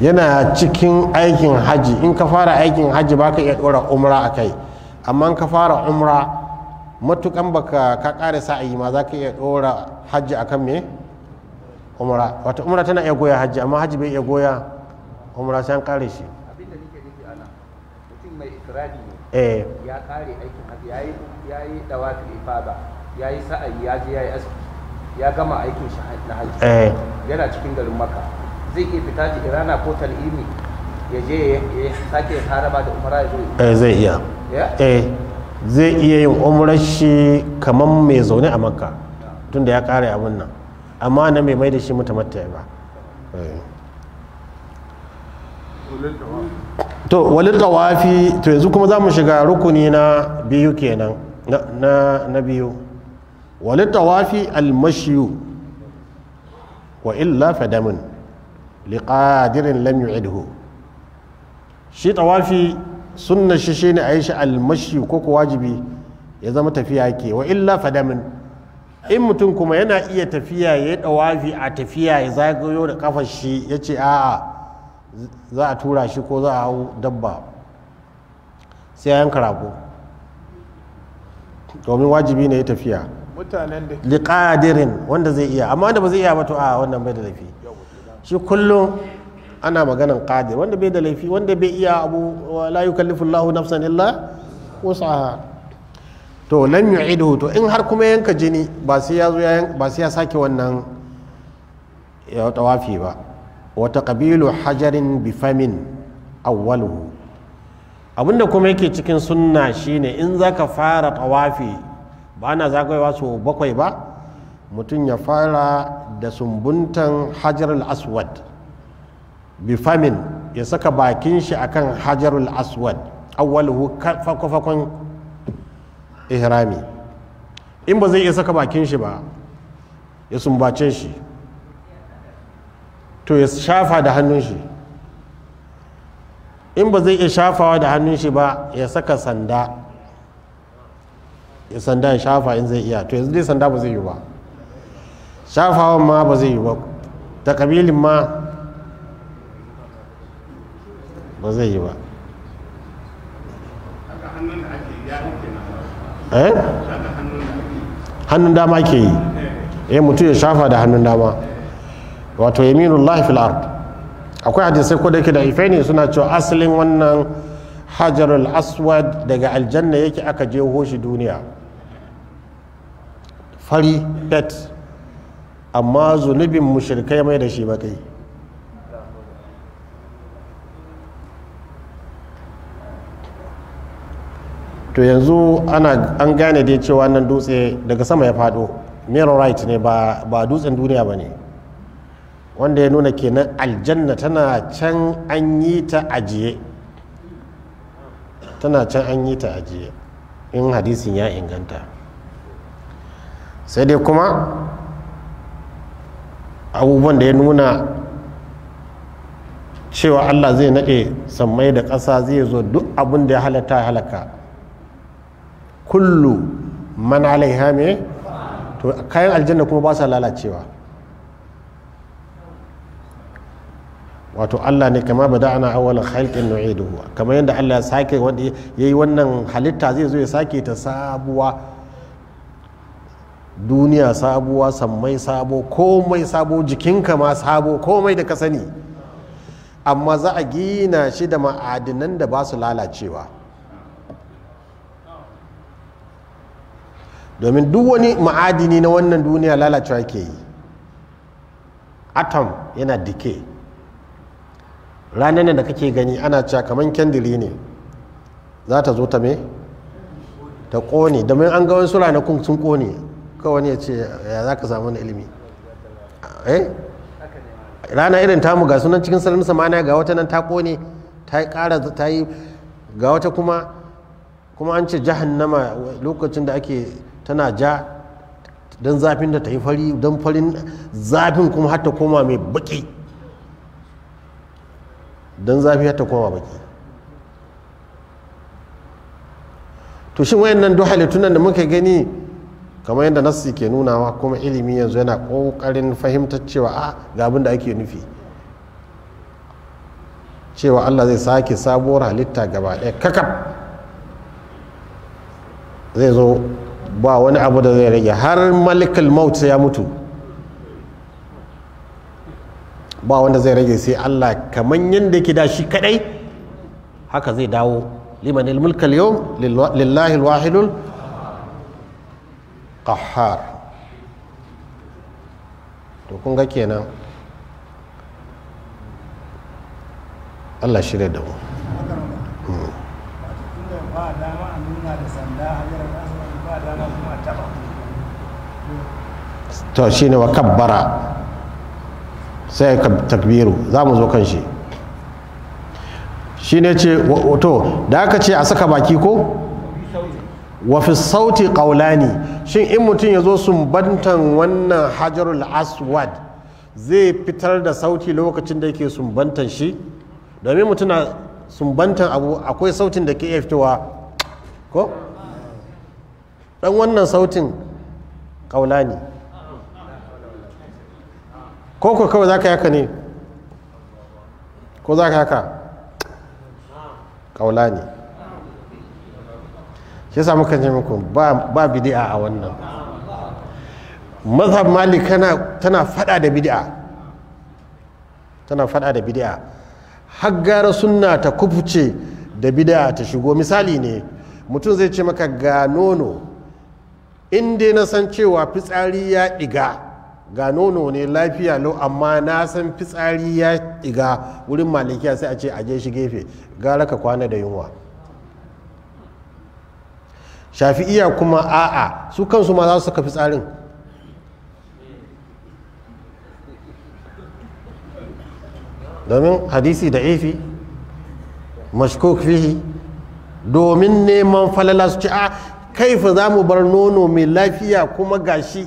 yana cikin aikin haji in ka fara aikin haji ba ka iya ɗora umra a kai amma ka fara umra matukan ba ka ƙare sa'ayi ma za ka iya ɗora haji a kan me umra wata umra tana iya goya haji amma haji bai iya goya umra sai an ƙare shi eh ya ƙare aikin haji ya yi dawafin ifada yayi sa'ayi ya je ya yi aski ya gama aikin shi na haji eh. yana cikin garin maka zai iya fita jirana ko tal'imi ya je ya sake haraba da umara ya zo eh zai iya eh zai iya yin umarar shi kamar mai zaune a makka tunda ya kare abin nan amma na mai mai da shi mutamatta ba eh. to walin tawafi to yanzu kuma za mu shiga rukuni na biyu kenan na biyu walin tawafi almashiyu wa illa fadamin liƙadirin lamu idhu shi tawafi sunna shi ne a yi shi almashi ko ku wajibi ya zama tafiya ke wa illa fadamin in mutum kuma yana iya tafiya ya yi tawafi a tafiya ya zagayo da kafar shi ya ce a'a za a tura shi ko za a hau dabba sai yanka rago domin wajibi ne ya tafiya mutanen da liƙadirin wanda zai iya amma wanda ba zai iya ba to a wannan bai da laifi shi kullum ana maganan qadir wanda bai da laifi wanda bai iya abu la yukallifu Allahu nafsan illa wusaha to lam yu'iduhu to in har kuma yanka jini ba sai ya zo ba sai ya sake wannan ya tawafi ba wa taqbilu hajarin bifamin famin awwaluhu abinda kuma yake cikin sunna shine in zaka fara tawafi ba na zagayewa so bakwai ba mutum ya fara da sumbuntan hajarul aswad Bi Famin ya saka bakin shi akan hajarul aswad awwaluhu fakon ihrami in ba zai iya saka bakin shi ba ya sumbace shi to ya shafa da hannun shi in ba zai iya shafawa da hannun shi ba ya saka sanda ya sanda ya shafa in zai iya to yanzu dai sanda ba zai yi ba shafawan ma ba zai yi ba ta kabilin ma ba zai yi ba eh? hannun dama ke yi eh. Eh, mutum ya shafa da hannun dama wato yaminullahi fil ard akwai hadisai ko da ke da ifai ne suna cewa asalin wannan hajarul aswad daga aljanna yake aka je shi duniya fari pet amma zunubin mushirkai mai da shi ba kai to yanzu an gane dai cewa nan dutse daga sama ya fado right ne ba ba dutsen duniya ba ne wanda ya nuna kenan aljanna tana can an yi ta ajiye tana can an yi ta ajiye in hadisin ya inganta sai dai kuma abubuwan da ya nuna cewa allah zai naɗe sammai da ƙasa zai zo duk abin da ya halatta ya halaka kullu man alaiha me to kayan aljanna kuma ba sa lalacewa wato allah ne kama bada ana awalin halkin nu'iduhu kamar yadda allah ya sake ya yi wannan halitta zai zo ya sake ta sabuwa duniya sabuwa sammai sabo komai sabo jikinka ma sabo komai da ka sani amma za a gina shi da ma'adinan da ba su lalacewa domin duk wani ma'adini na wannan duniya lalacewa ke yi atom yana dike ranar da kake gani ana cewa kamar kyandiri ne za ta zo ta me ta ƙone domin an ga wasu ranakun sun kone kawai wani ya ce ya za ka samu wani ilimi eh? rana irin tamu ga sunan cikin sararin samaniya ga wata nan ta kone ta yi kara ta yi ga wata kuma kuma an ce jahannama lokacin da ake tana ja don zafin da ta yi fari don farin zafin kuma har ta koma mai baki don zafi har ta koma baki to shin wayannan duk halittunan da muka gani kamar yadda nassi ke nunawa kuma ilimi yanzu yana kokarin fahimtar cewa a ga abin da ake nufi cewa allah zai sake sabuwar halitta gaba ɗaya kakaf zai zo ba wani abu da zai rage har malikul maut ya mutu ba wanda zai rage sai allah kamar yadda ke da shi kadai haka zai dawo liman ilmulkal yau lillahi alwahidul qahhar to kun ga kenan Allah shirya da mu hmm. to shi ne wa kabbara sai ka takbiru za mu zo kan shi shi ne ce wato da aka ce a saka baki ko wafi sauti ƙaulani shin in mutum ya zo sumbantan wannan hajarul aswad zai fitar da sauti lokacin da yake sumbantan shi domin mutum na sumbantan abu akwai sautin da ke iya fitowa ko dan wannan sautin kaula ne ko ko kawai za ka yaka ne ko za ka yaka kaula ne shi yasa muka ce muku ba bidi'a a wannan mazhab malik tana fada da bid'a tana fada da bidi'a har gara sunna ta kufuce da bid'a ta shigo misali ne mutum zai ce maka ga nono in dai na san cewa fitsari ya ɗiga ga nono ne lafiya lau amma na san fitsari ya ɗiga wurin malikiya sai a ce a je shi gefe gara ka kwana da yunwa shafi'iya kuma a'a su kansu ma za su kafi tsarin domin hadisi da ifi mashkuk fihi domin neman falala su ci a ah, kaifa za mu bar nono mai lafiya kuma gashi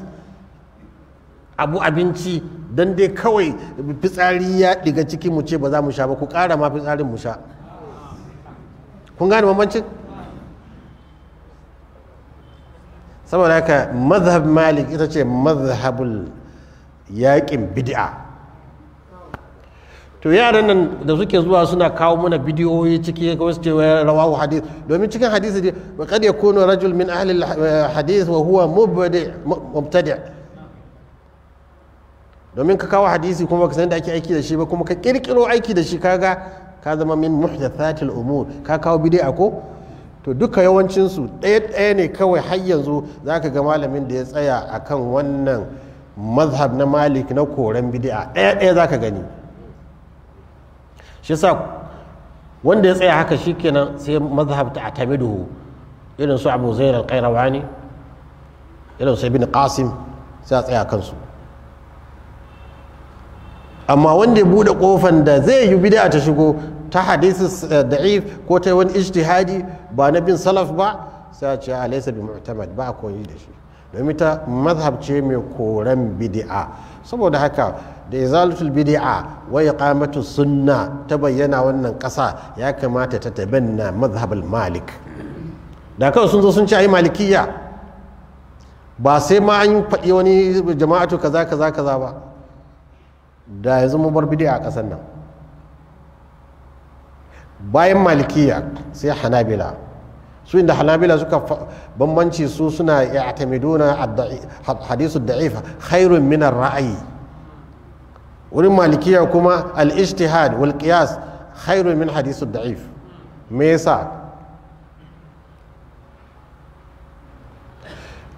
abu abinci don dai kawai fitsari ya diga ciki mu ce ba za mu sha ba ku ƙara ma fitsarin mu sha kun gane bambancin saboda haka mazhab malik ita ce mazhabul yaƙin bid'a to yaran nan da suke zuwa suna kawo mana bidiyoyi ciki ga wasu cewa rawahu hadith domin cikin hadisi ne wa ya yakunu rajul min ahli hadith wa huwa mubtadi mubtadi domin ka kawo hadisi kuma ka san da ake aiki da shi ba kuma ka kirkiro aiki da shi kaga ka zama min muhdathatil umur ka kawo bidi'a ko to duka yawancinsu ɗaya-ɗaya ne kawai har yanzu za ka ga malamin da ya tsaya a kan wannan mazhab na malik na koren bidi'a ɗaya-ɗaya za ka gani shi sa wanda ya tsaya haka shikenan sai mazhab ta atamidu irin su abu ran Kairawa ne irin su ibn qasim sai a tsaya kansu amma wanda ya buɗe kofan da zai yi bidi'a ta shigo ta hadisi eh, da'if ko ta wani ijtihadi ba na bin salaf ba sai a ce a ah, laisa bi mu'tamad ba a koyi da shi domin ta mazhab ce mai koren bidi'a saboda haka da izalatul bidi'a wa iqamatu sunna ta bayyana wannan ƙasa ya kamata ta tabanna mazhabul malik da kawai sun zo sun ce ayi malikiya ba sai ma an faɗi wani jama'atu kaza kaza kaza ba da yanzu mu bar bidi'a a kasan nan bayan malikiya sai hanabila su inda hanabila suka bambanci su suna ya'tamiduna hadisu da'if khairun min ra'ayi wurin malikiya kuma al-ijtihad wal qiyas khairun min hadisu da'if me yasa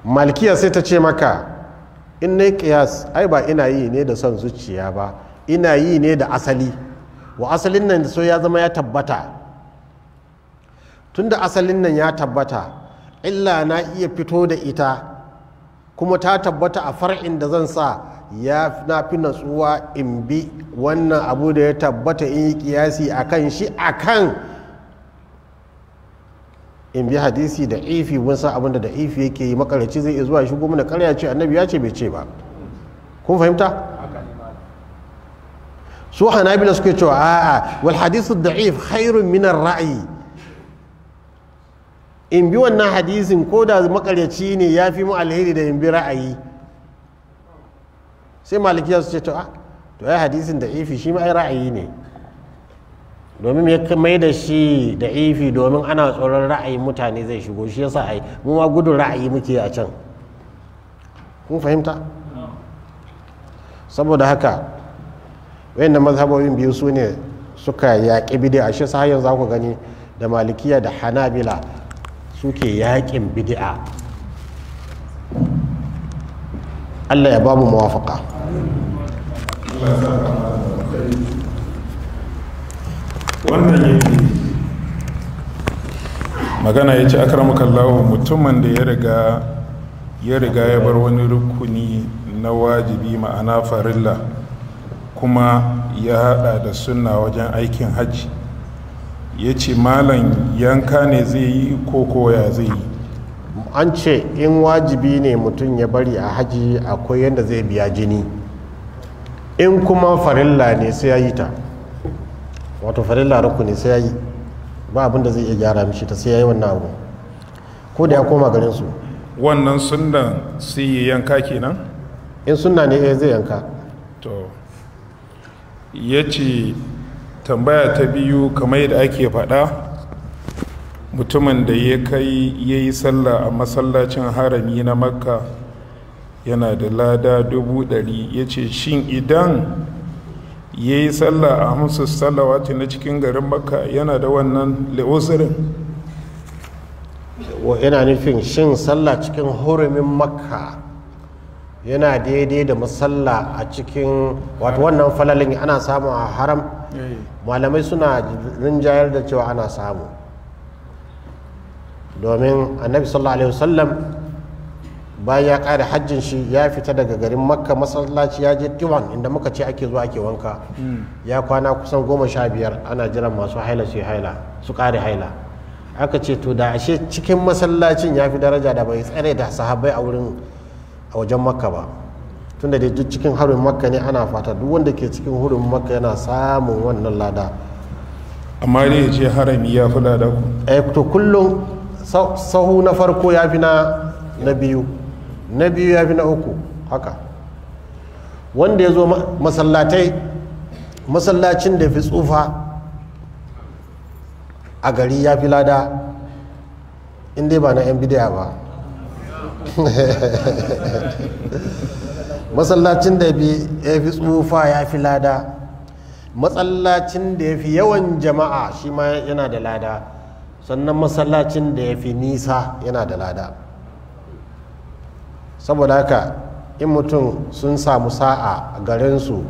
malikiya sai ta ce maka in na qiyas ai ba ina yi ne da son zuciya ba ina yi ne da asali wa asalin nan so ya zama ya tabbata tunda asalin nan ya tabbata illa na iya fito da ita kuma ta tabbata a far'in da zan sa ya na fi natsuwa in bi wannan abu da ya tabbata in yi kiyasi a kan shi a kan in bi hadisi da ifi mun san abinda da ifi yake yi makarici zai zuwa shi goma da karya ce annabi ya ce bai ce ba kun fahimta su hanabila suke cewa a'a wal hadisu da'if khairun min ra'ayi in bi wannan hadisin ko da makaryaci ne ya fi mu alheri da in bi ra'ayi sai malikiya su ce to a to ai hadisin da'ifi shi ma ai ra'ayi ne domin ya mai da shi da'ifi domin ana tsoron ra'ayin mutane zai shigo shi yasa ai mu ma gudun ra'ayi muke a can kun fahimta saboda haka da mazhabobin biyu su ne suka yaƙi bidi'a shi sa yanzu za ku gani da malikiya da hanabila suke yaƙin bidi'a. Allah ya babu mawafaka wannan yi magana ya ce akramakallahu mutumin da ya riga ya riga ya bar wani rukuni na wajibi ma'ana farilla kuma ya hada da sunna wajen aikin hajji ya ce malam yanka ne zai yi ko koya zai yi an ce in wajibi ne mutum ya bari a haji akwai yadda zai biya jini in kuma farilla ne sai ya yi ta wato farilla ne sai ya yi ba abinda zai iya gyara mishi ta sai ya yi wannan abu ko da ya koma garin su wannan sunan sai yanka kenan in sunna ne eh, zai yanka to ya ce tambaya ta biyu kamar yadda ake faɗa mutumin da ya kai ya yi sallah a masallacin harami na makka yana da lada dubu ɗari ya ce shin idan ya yi sallah a hamsu salawati na cikin garin makka yana da wannan la'usirin yana nufin shin sallah cikin hurumin makka yana daidai da musalla a cikin wato wannan falalin ana samu a haram eh. malamai suna rinjayar da cewa ana samu domin annabi sallallahu alaihi wasallam bayan ya ƙara hajjin shi ya fita daga garin makka masallaci ya je tiwan inda muka ce ake zuwa ake wanka hmm. ya kwana kusan goma sha biyar ana jiran masu haila su haila su ƙare haila aka ce to da ashe cikin masallacin ya fi daraja da bai tsare da sahabbai a wurin a wajen makka ba tunda da duk cikin harin makka ne ana fata duk wanda ke cikin hurin makka yana samun wannan lada amma ne ya ce harami ya fi lada ku eh to kullum sahu na farko ya fi na biyu na biyu ya fi na uku haka wanda ya zo masallatai masallacin da fi tsufa a gari ya fi lada inda ba na 'yan bidiya ba masallacin da ya fi tsufa ya fi lada masallacin da ya fi yawan jama'a shi ma yana da lada sannan masallacin da ya fi nisa yana da lada saboda haka in mutum sun samu sa'a a garinsu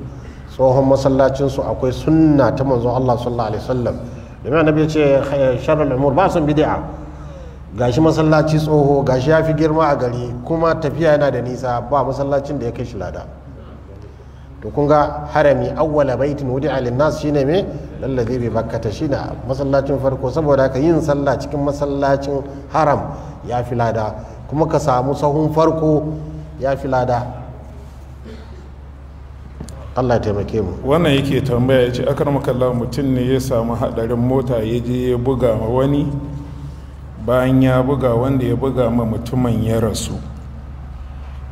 tsohon matsalacinsu akwai sunna ta manzo Allah sallallahu alaihi wasallam domin annabi ya ce sharrul umur ba sun bid'a gashi masallaci tsoho gashi ya fi girma a gari kuma tafiya yana da nisa ba masallacin da ya kai shi lada to kun ga harami awwala baitin wudi alin nas shine me lallazi bi bakkata shine masallacin farko saboda haka yin sallah cikin masallacin haram ya fi lada kuma ka samu sahun farko ya fi lada Allah taimake mu wannan yake tambaya ya ce akar makalla mutum ne ya samu hadarin mota ya je ya buga wani bayan ya buga wanda ya buga ma mutumin ya rasu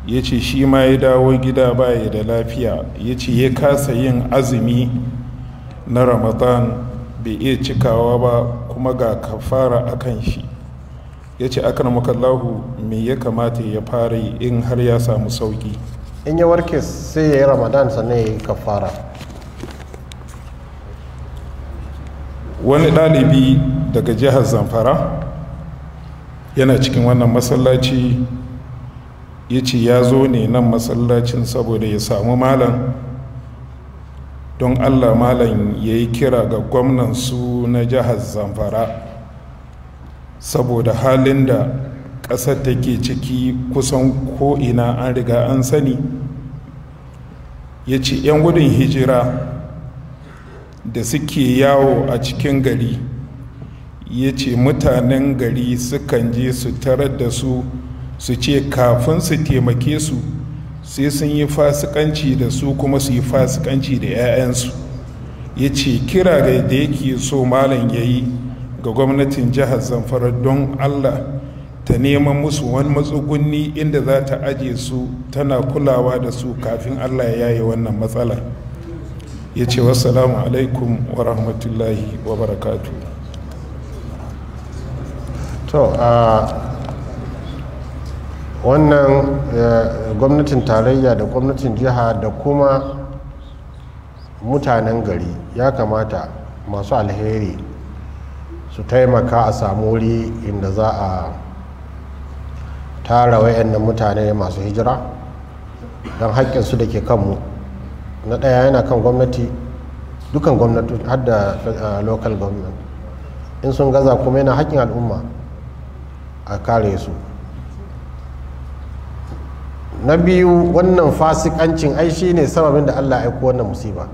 ya ce shi ma ya dawo gida baya da lafiya ya ce ya kasa yin azumi na ramadan bai iya cikawa ba kuma ga kafara kan shi ya ce akan makallahu me ya kamata ya fara in har ya samu sauki in ya warke sai ya yi ramadan sannan ya yi kafara wani ɗalibi daga jihar zamfara yana cikin wannan masallaci ya ce ya zo ne nan masallacin saboda ya samu malam don allah malam ya yi kira ga gwamnan su na jihar zamfara saboda halin da ƙasar take ciki kusan ko'ina an riga an sani ya ce 'yan gudun hijira da suke yawo a cikin gari ya ce mutanen gari sukan je su tarar da su su ce kafin su taimake su sai sun yi fasikanci da su kuma su yi fasikanci da 'ya'yansu ya ce kira da yake so malam ya yi ga gwamnatin jihar zamfara don allah ta neman musu wani matsugunni inda za ta aje su tana kulawa da su kafin allah ya yaye wannan matsala ya ce wasu alaikum wa rahmatullahi wa barakatuh to a wannan gwamnatin tarayya da gwamnatin jiha da kuma mutanen gari ya kamata masu alheri su taimaka a samu wuri inda za a tara wayannan mutane masu hijira don haƙƙinsu da ke kanmu na ɗaya yana kan gwamnati dukan gwamnati har da eh, local government in sun gaza kuma yana haƙƙin al'umma a kare su na biyu wannan fasikancin ai shi ne sababin da allah aiko wannan musiba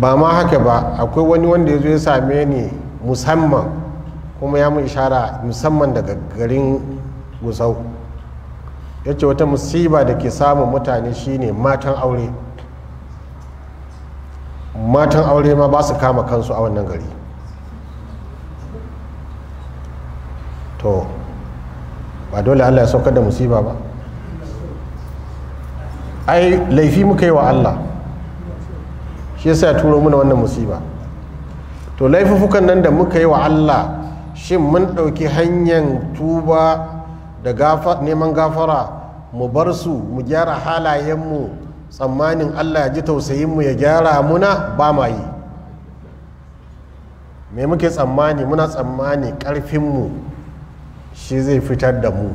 ba ma haka ba akwai wani wanda ya zo ya same ni musamman kuma ya mu ishara musamman daga garin gusau ya ce wata musiba da ke samun mutane shi ne, matan aure matan aure ma ba su kama kansu a wannan gari to ba dole allah ya saukar da musiba ba ai laifi muka yi wa allah shi yasa ya turo mana wannan musiba to laifufukan nan da muka yi wa allah shin mun ɗauki hanyar tuba da neman gafara mu bar su mu gyara halayenmu tsammanin allah ya ji tausayinmu ya gyara muna ba ma yi me muke tsammani muna tsammani ƙarfinmu shi zai fitar da mu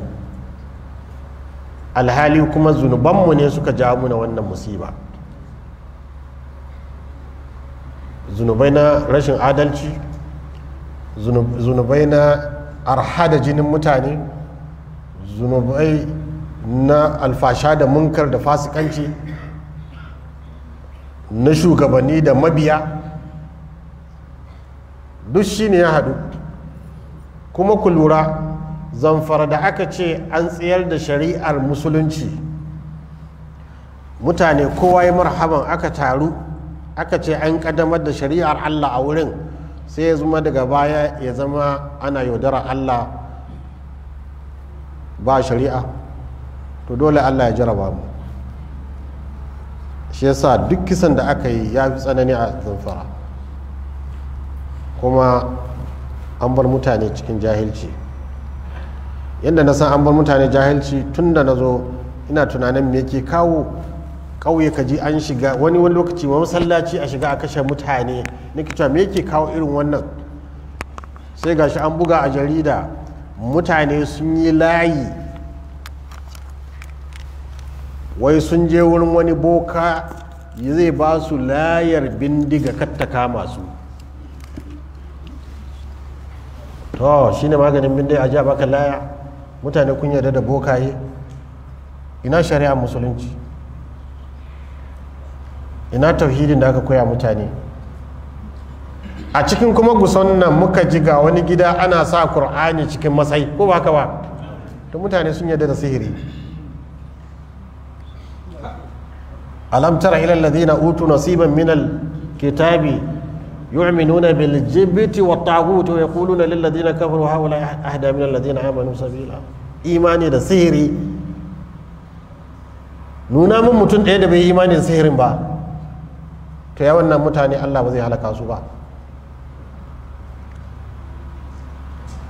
alhali kuma zunubanmu ne suka ja muna wannan musiba zunubai na rashin adalci zunubai na arha da jinin mutane zunubai na alfasha da munkar da fasikanci na shugabanni da mabiya duk shi ne ya haɗu kuma ku lura zamfara da aka ce an tsayar da shari'ar musulunci mutane kowa ya marhaban aka taru aka ce an ƙaddamar da shari'ar allah a wurin sai ya zuma daga baya ya zama ana yaudara allah ba shari'a to dole allah ya jaraba mu shi yasa duk kisan da aka yi ya fi tsanani a zamfara kuma an bar mutane cikin jahilci yadda na san an bar mutane jahilci tun da na zo ina tunanin me ke kawo ƙauye ka ji an shiga wani wani lokaci wani masallaci a shiga a kashe mutane na cewa me ke kawo irin wannan sai gashi an buga a jarida mutane sun yi layi wai sun je wurin wani boka zai ba su layar bindiga kattaka masu to shine maganin bindiga a ji a baka laya mutane kun yarda da bokaye ina shari'a musulunci ina tauhidin da aka koya mutane a cikin kuma guson nan muka ji ga wani gida ana sa kur'ani cikin matsayi ko ba ka ba to mutane sun yarda da sihiri alam tara ila alladhina utu nasiban minal kitabi يؤمنون بالجبت والطاغوت ويقولون للذين كفروا هؤلاء أهدى من الذين آمنوا سبيلا إيماني ده سهري nuna min mutum ɗaya da bai yi imanin sihiri ba to ya wannan mutane allah ba zai su ba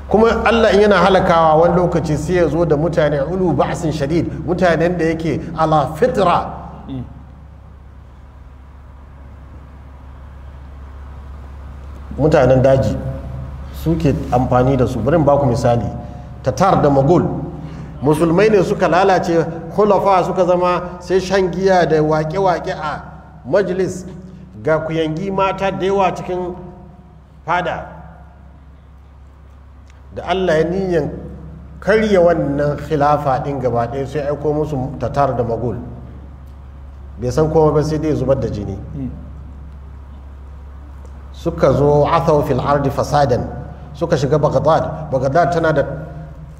kuma allah yana halakawa wani lokaci sai ya zo da mutane ulu ba'sin shadid mutanen da yake ala fitra mutanen daji suke amfani da su bari ba misali tatar da magul musulmai ne suka lalace kulafa suka zama sai shan giya da wake-wake a majalis ga kuyangi mata da yawa cikin fada da allah ya niyan karya wannan khilafa ɗin gaba ɗaya sai aiko musu tatar da magul bai san kowa ba sai dai zubar da jini hmm. suka zo athaw fil ardi fasadan suka shiga bagdad bagdad tana da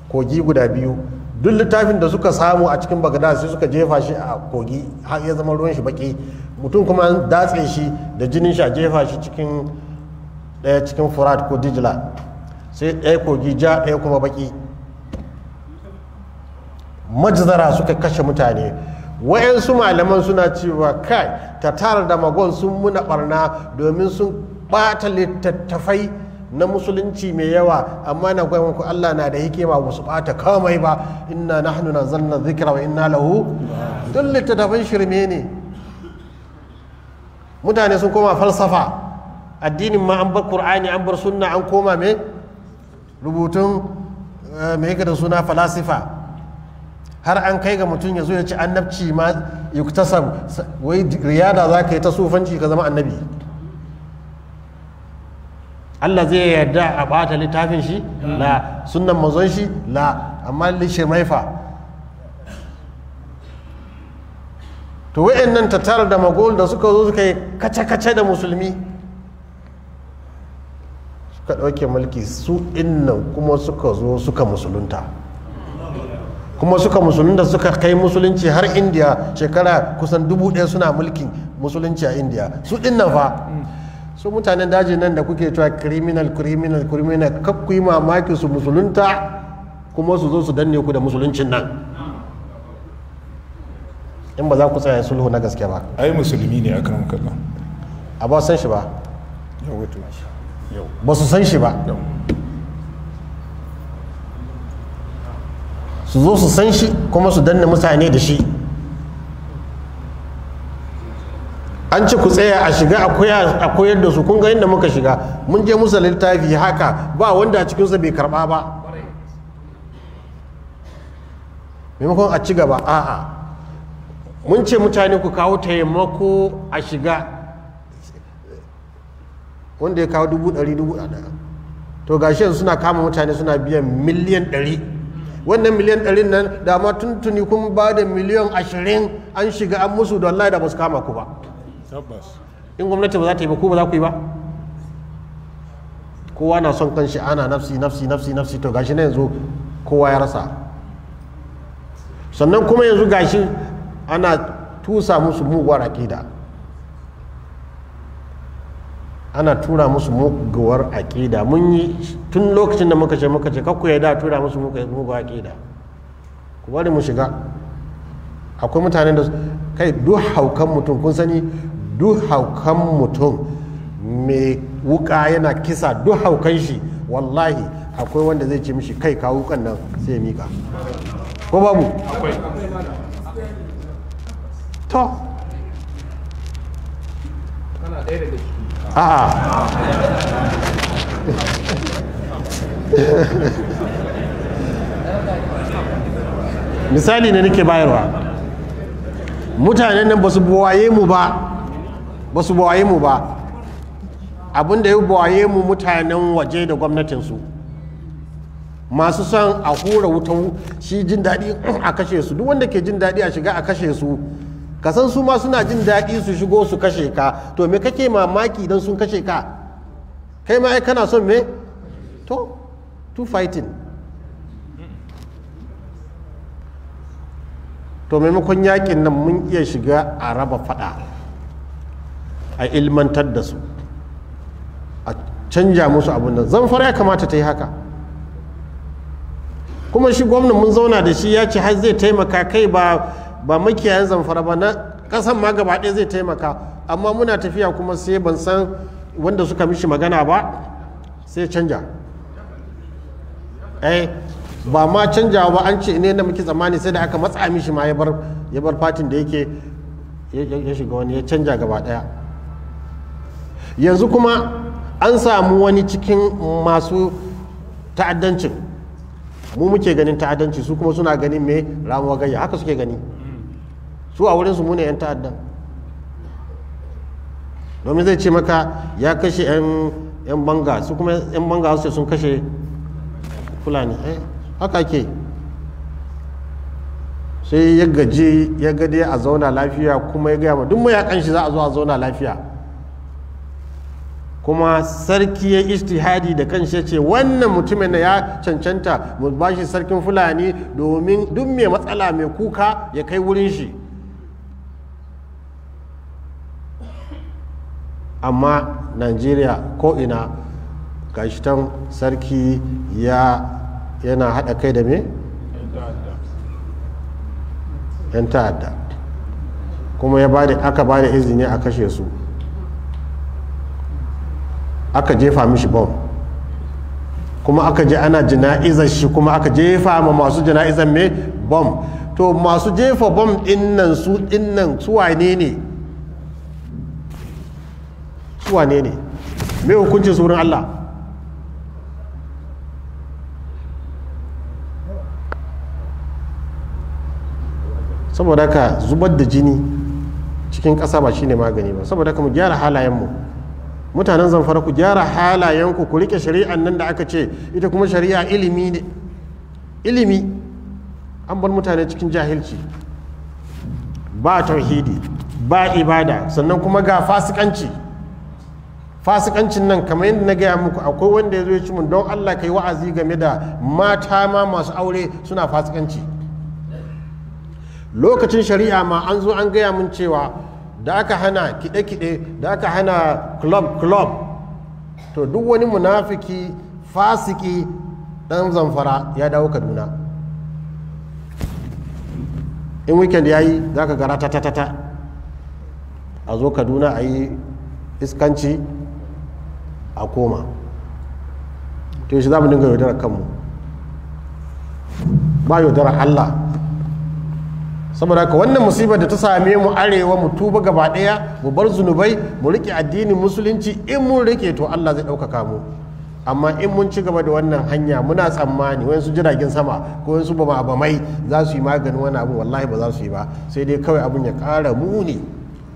kogi guda biyu duk littafin da suka samu a cikin bagdad sai suka jefa shi a kogi har ya zama ruwan shi baki mutum kuma an datse shi da jinin shi a jefa shi cikin daya cikin furat ko dijila sai ɗaya kogi ja daya kuma baki majzara suka kashe mutane wayansu malaman suna cewa kai tatar da magon sun muna barna domin sun bata littattafai na musulunci mai yawa amma na gwai muku Allah na da hikima ba su ɓata kamai ba inna nahnu nazzalna dhikra wa inna lahu duk littattafan shirme ne mutane sun koma falsafa addinin ma an bar qur'ani an bar sunna an koma me rubutun eh, mai yake da suna falasifa har an kai ga mutum ya zo ya ci annabci ma yuktasab wai riyada za ka yi ta sufanci ka zama annabi Allah zai yarda a bata littafin shi la sunnan mazon shi la amma lishe maifa to wa'annan tattara da magol da suka zo suka yi kace-kace da musulmi suka ɗauke mulki su inna kuma suka zo suka musulunta kuma suka musulunta suka kai musulunci har indiya shekara kusan dubu ɗaya suna mulkin musulunci a indiya su inna fa su mutanen daji nan da kuke cewa criminal criminal criminal kaf ku yi mamaki su musulunta kuma su zo su danne ku da musuluncin nan in ba za ku tsaya sulhu na gaske ba ai musulmi ne akan kallon a ba san shi ba Yau ba su san shi ba su zo su san shi kuma su danne mutane da shi an ci ku tsaya a shiga a koyar da su kun ga yadda muka shiga mun je musa littafi haka ba wanda a cikinsa bai karba ba maimakon a ci gaba a'a mun ce mutane ku kawo taimako a shiga wanda ya kawo dubu ɗari dubu ɗaya to shi suna kama mutane suna biyan miliyan ɗari wannan miliyan ɗarin nan da ma tuntuni kun ba da miliyan ashirin an shiga an musu don da ba su kama ku ba in gwamnati ba za ta yi ba ko ba za ku yi ba kowa na son kanshi ana nafsi nafsi nafsi nafsi to gashi na yanzu kowa ya rasa sannan kuma yanzu gashi ana tusa musu muguwar aƙida ana tura musu muguwar aƙida mun yi tun lokacin da muka ce muka ce kakku ya da tura musu muguwar aƙida ku bari mu shiga akwai mutanen da kai duk haukan mutum kun sani duk haukan mutum mai wuka yana kisa duk haukan shi wallahi akwai wanda zai ce mishi kai kawo kan nan sai ya mika ko babu to misali ne nake bayarwa mutanen nan ba su buwaye mu ba ba su buwaye mu ba abinda da ya buwaye mu mutanen waje da gwamnatinsu masu son a hura wuta shi jin daɗi a kashe su duk wanda ke jin daɗi a shiga a kashe su ka su ma suna jin daɗi su shigo su kashe ka to me kake mamaki idan sun kashe ka kai ma ai kana son me to to fighting to maimakon yakin nan mun iya shiga a raba fada a ilmantar da su a canja musu abin da zamfara ya kamata ta yi haka kuma shi gwamnan mun zauna da shi ya ce har zai taimaka kai ba ba makiyayan zamfara ba na kasan ma gaba ɗaya zai taimaka amma muna tafiya kuma sai ban san wanda suka mishi magana ba sai canja eh, ba ma canjawa ba an ce ne na muke tsammani sai da aka matsa mishi ma ya bar fatin da yake ya shiga wani ya canja gaba ɗaya yanzu kuma an samu wani cikin masu ta'addancin mu muke ganin ta'addanci su kuma suna ganin mai ramuwa gayya haka suke gani su a wurinsu mu ne 'yan ta'addan domin zai ce maka ya kashe 'yan banga su kuma 'yan banga su sun kashe fulani eh, haka ke sai ya gaji ya gade a zauna lafiya kuma ya gaya ma duk mai ya kanshi za a zo a zauna lafiya kuma sarki ya istihadi da kan ce wannan mutumin da ya cancanta mu ba shi sarkin fulani domin duk mai matsala mai kuka ya kai wurin shi amma najeriya ko'ina gashitan sarki ya yana haɗa kai da me? 'yan ta'adda kuma ya aka bada izini a kashe su aka jefa mishi bom kuma aka je ana jana'izar shi kuma aka jefa ma masu jana'izar me bom to masu jefa bom dinnan su dinnan su wane ne su wane ne me hukuncin su wurin Allah saboda ka zubar da jini cikin kasa ba shine magani ba saboda ka mu gyara halayenmu mu mutanen zamfara ku gyara halayenku ku rike shari'an nan da aka ce ita kuma shari'a ilimi ne ilimi an bar mutane cikin jahilci ba tauhidi ba ibada sannan kuma ga fasikanci fasikancin nan kamar yadda na gaya muku akwai wanda ya zo ya ci mun don allah ka yi wa'azi game da mata ma masu aure suna fasikanci lokacin shari'a ma an zo an gaya mun cewa da aka hana kide-kide da aka hana club-club to duk wani munafiki fasiki dan zamfara ya dawo kaduna in weekend ya yi za ka gara ta a zo kaduna a yi iskanci a koma to shi za mu dinga yaudara kanmu ba yaudarar allah saboda haka wannan musibar da ta same mu arewa mu tuba gaba daya mu bar zunubai mu rike addinin musulunci in mun rike to Allah zai ɗaukaka mu amma in mun ci gaba da wannan hanya muna tsammani su jiragen sama ko ba ba mai za su yi maganin wani abu wallahi ba za su yi ba sai dai kawai abun ya kara muni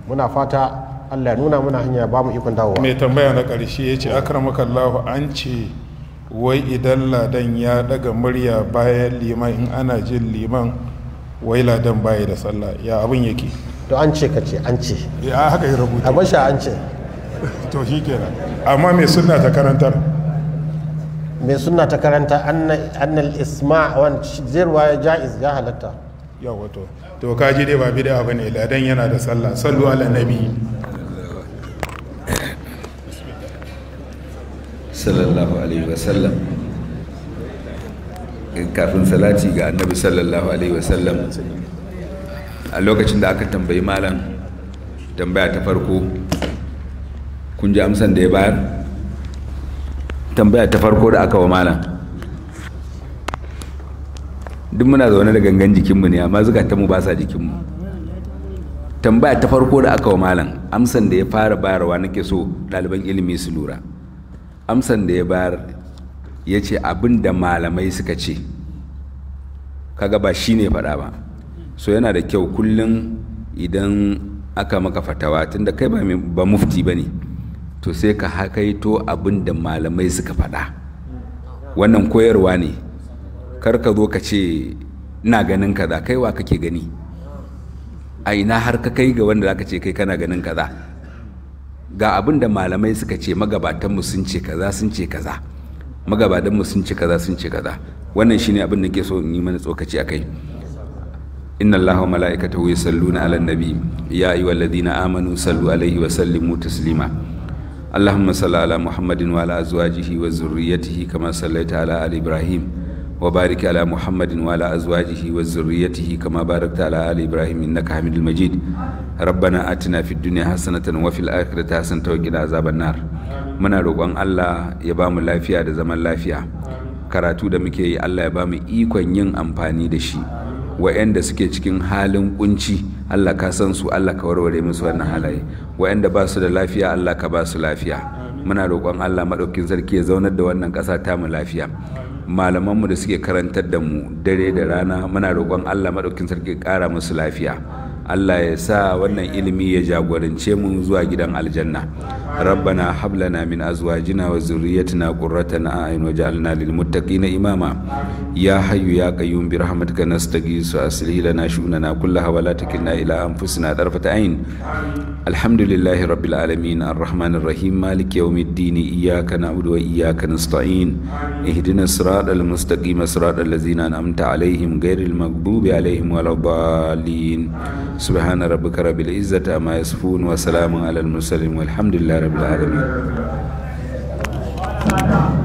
muna fata Allah ya nuna muna hanya ba mu ikon dawowa mai tambaya na karshe ya ce Allah an ce wai idan ladan ya daga murya bayan liman in ana jin liman wai ladan baya da sallah ya abin yake to an ce ka ce an ce ya haka yi rubuta abin sha an ce to shi kenan amma mai sunna ta karantar mai sunna ta karanta annal isma wani zirwa ya ja'iz ya halatta ya wato to kaji dai ba bida ne ladan yana da sallah sallu ala nabi sallallahu alaihi wasallam kafin salati ga annabi sallallahu alaihi wasallam a lokacin da aka tambayi malam tambaya ta farko kun ji amsan da ya bayar tambaya ta farko da aka wa malam duk muna zaune da gangan jikinmu ne amma zukatanmu ba sa jikinmu tambaya ta farko da aka wa malam amsan da ya fara bayarwa nake so ɗaliban ilimi su lura amsan da ya bayar ya ce abin da malamai suka ce kaga ba shi ne faɗa ba so yana da kyau kullum idan aka maka fatawa tunda kai ba mufti ba ne to sai ka hakaito abin da malamai suka faɗa wannan koyarwa ne kar ka zo ka ce ina ganin kaza kaiwa ka kake gani a ina har ka kai ga wanda zaka ce kai kana ganin kaza ga abin da malamai suka ce magabatanmu sun ce kaza sun ce kaza magabadanmu sun ci kaza sun ci kaza wannan shine abin da ke so in yi mana tsokaci akai inna allaha wa mala'ikatahu yusalluna 'alan nabi ya ayyuhalladhina amanu sallu alaihi wa sallimu taslima اللهم ala muhammadin محمد وعلى ازواجه wa كما صليت على ال ibrahim. وبارك على محمد وعلى أزواجه وذريته كما باركت على آل إبراهيم إنك حميد المجيد ربنا آتنا في الدنيا حسنة وفي الآخرة حسنة وقنا عذاب النار muna roƙon Allah ya bamu lafiya da zaman lafiya karatu da muke yi Allah ya bamu ikon yin amfani da shi wa'anda suke cikin halin kunci Allah ka san su Allah ka warware musu wannan halaye wa'anda ba su da lafiya Allah ka ba su lafiya muna roƙon Allah maɗaukin sarki ya zaunar da wannan ƙasa ta mu lafiya malamanmu da suke karantar da mu dare da rana muna roƙon allah maɗaukin sarki ƙara musu lafiya Allah ya sa wannan ilimi ya jagorance mu zuwa gidan aljanna rabbana hablana min azwajina wa zurriyyatina qurrata a'yun waj'alna lil muttaqina imama ya hayyu ya qayyum bi rahmatika nastaghiisu aslih lana shu'nana kullaha wa la takilna ila anfusina tarfata ayn alhamdulillahi rabbil alamin arrahmanir rahim maliki yawmiddin iyyaka na'budu wa iyyaka nasta'in ihdinas siratal mustaqim siratal ladzina an'amta alaihim ghairil maghdubi alaihim waladdallin سبحان ربك رب العزة أما يصفون وسلام على المرسلين والحمد لله رب العالمين